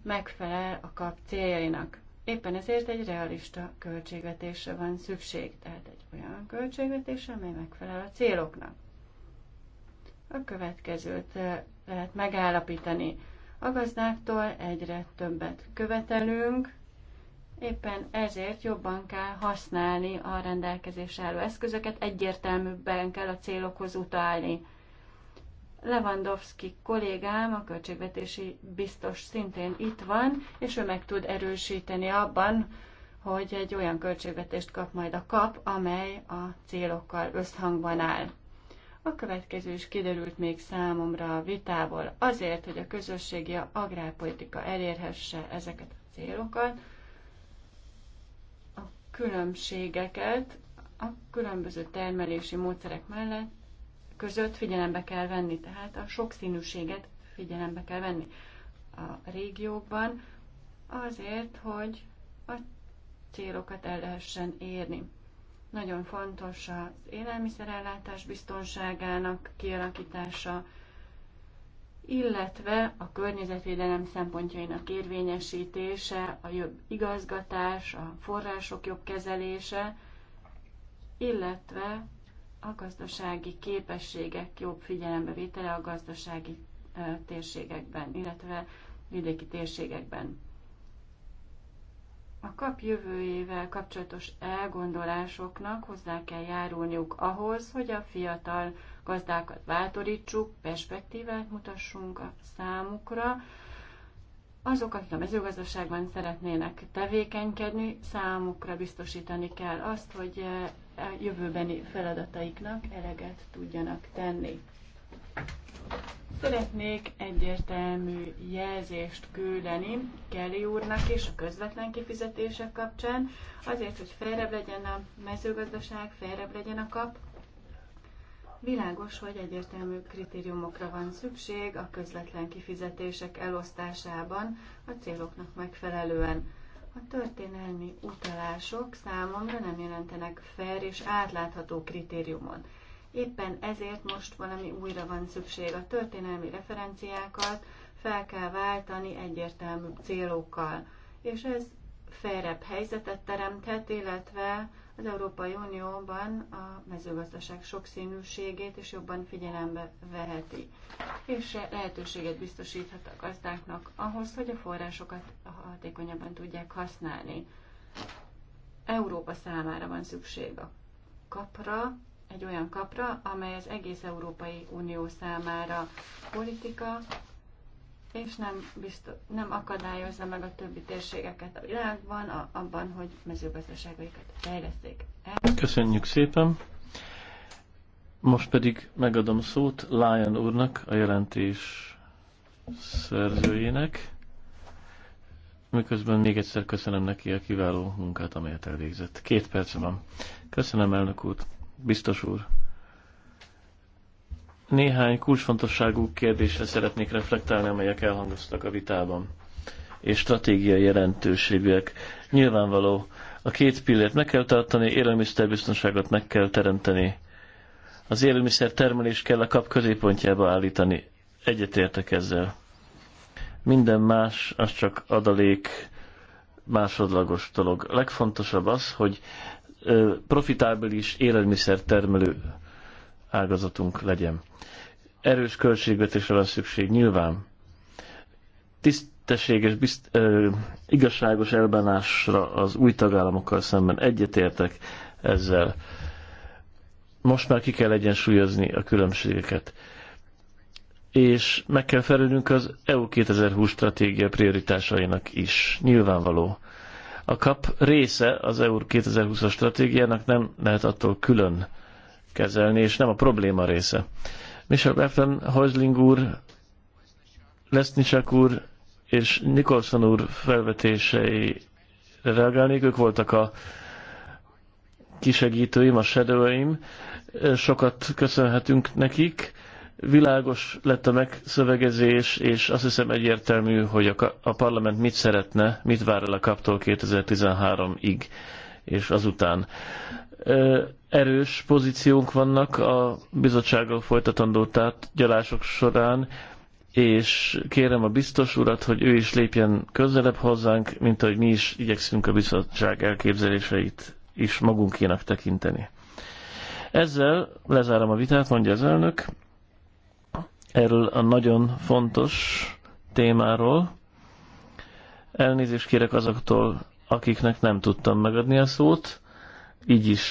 megfelel a kap céljainak. Éppen ezért egy realista költségvetésre van szükség, tehát egy olyan költségvetésre, amely megfelel a céloknak. A következőt eh, lehet megállapítani. A gazdáktól egyre többet követelünk, éppen ezért jobban kell használni a rendelkezésre álló eszközöket, egyértelműbben kell a célokhoz utalni. Lewandowski kollégám, a költségvetési biztos szintén itt van, és ő meg tud erősíteni abban, hogy egy olyan költségvetést kap majd a kap, amely a célokkal összhangban áll. A következő is kiderült még számomra a vitából. Azért, hogy a közösségi agrárpolitika elérhesse ezeket a célokat, a különbségeket a különböző termelési módszerek mellett között figyelembe kell venni, tehát a sokszínűséget figyelembe kell venni a régiókban, azért, hogy a célokat el lehessen érni. Nagyon fontos az élelmiszerellátás biztonságának kialakítása, illetve a környezetvédelem szempontjainak érvényesítése, a jobb igazgatás, a források jobb kezelése, illetve a gazdasági képességek jobb figyelembevétele a gazdasági térségekben, illetve vidéki térségekben. A kap jövőjével kapcsolatos elgondolásoknak hozzá kell járulniuk ahhoz, hogy a fiatal gazdákat bátorítsuk, perspektívát mutassunk a számukra, azok, akik a mezőgazdaságban szeretnének tevékenykedni, számukra biztosítani kell azt, hogy a eh, jövőbeni feladataiknak eleget tudjanak tenni. Szeretnék egyértelmű jelzést küldeni Kelly úrnak is a közvetlen kifizetések kapcsán, azért, hogy felrebb legyen a mezőgazdaság, felrebb legyen a kap. Világos, hogy egyértelmű kritériumokra van szükség a közvetlen kifizetések elosztásában a céloknak megfelelően. A történelmi utalások számomra nem jelentenek fair és átlátható kritériumot. Éppen ezért most valami újra van szükség. A történelmi referenciákat fel kell váltani egyértelmű célokkal. És ez fejrebb helyzetet teremthet, illetve az Európai Unióban a mezőgazdaság sokszínűségét is jobban figyelembe veheti, és lehetőséget biztosíthat a gazdáknak ahhoz, hogy a forrásokat hatékonyabban tudják használni. Európa számára van szükség a kapra, egy olyan kapra, amely az egész Európai Unió számára politika, és nem, biztos, nem akadályozza meg a többi térségeket a világban a, abban, hogy mezőgazdaságaikat fejleszték. El. Köszönjük szépen! Most pedig megadom szót Lion úrnak, a jelentés szerzőjének, miközben még egyszer köszönöm neki a kiváló munkát, amelyet elvégzett. Két perc van. Köszönöm, elnök úr! biztos úr. Néhány kulcsfontosságú kérdésre szeretnék reflektálni, amelyek elhangoztak a vitában, és stratégiai jelentőségűek. Nyilvánvaló, a két pillért meg kell tartani, élelmiszerbiztonságot meg kell teremteni. Az élelmiszer termelés kell a kap középpontjába állítani. Egyetértek ezzel. Minden más, az csak adalék, másodlagos dolog. Legfontosabb az, hogy profitábilis élelmiszertermelő ágazatunk legyen. Erős költségvetésre van szükség, nyilván. Tisztességes, bizt, ö, igazságos elbánásra az új tagállamokkal szemben egyetértek ezzel. Most már ki kell egyensúlyozni a különbségeket. És meg kell felülnünk az EU 2020 stratégia prioritásainak is. Nyilvánvaló a kap része az EUR 2020-as stratégiának nem lehet attól külön kezelni, és nem a probléma része. Michel Beffen, Heusling úr, Lesznicsak úr és Nikolson úr felvetései reagálnék, ők voltak a kisegítőim, a shadowim, sokat köszönhetünk nekik Világos lett a megszövegezés, és azt hiszem egyértelmű, hogy a, a parlament mit szeretne, mit vár el a kaptól 2013-ig, és azután. Erős pozíciónk vannak a bizottsággal folytatandó tárgyalások során, és kérem a biztos urat, hogy ő is lépjen közelebb hozzánk, mint ahogy mi is igyekszünk a bizottság elképzeléseit is magunkénak tekinteni. Ezzel lezárom a vitát, mondja az elnök erről a nagyon fontos témáról. Elnézést kérek azoktól, akiknek nem tudtam megadni a szót. Így is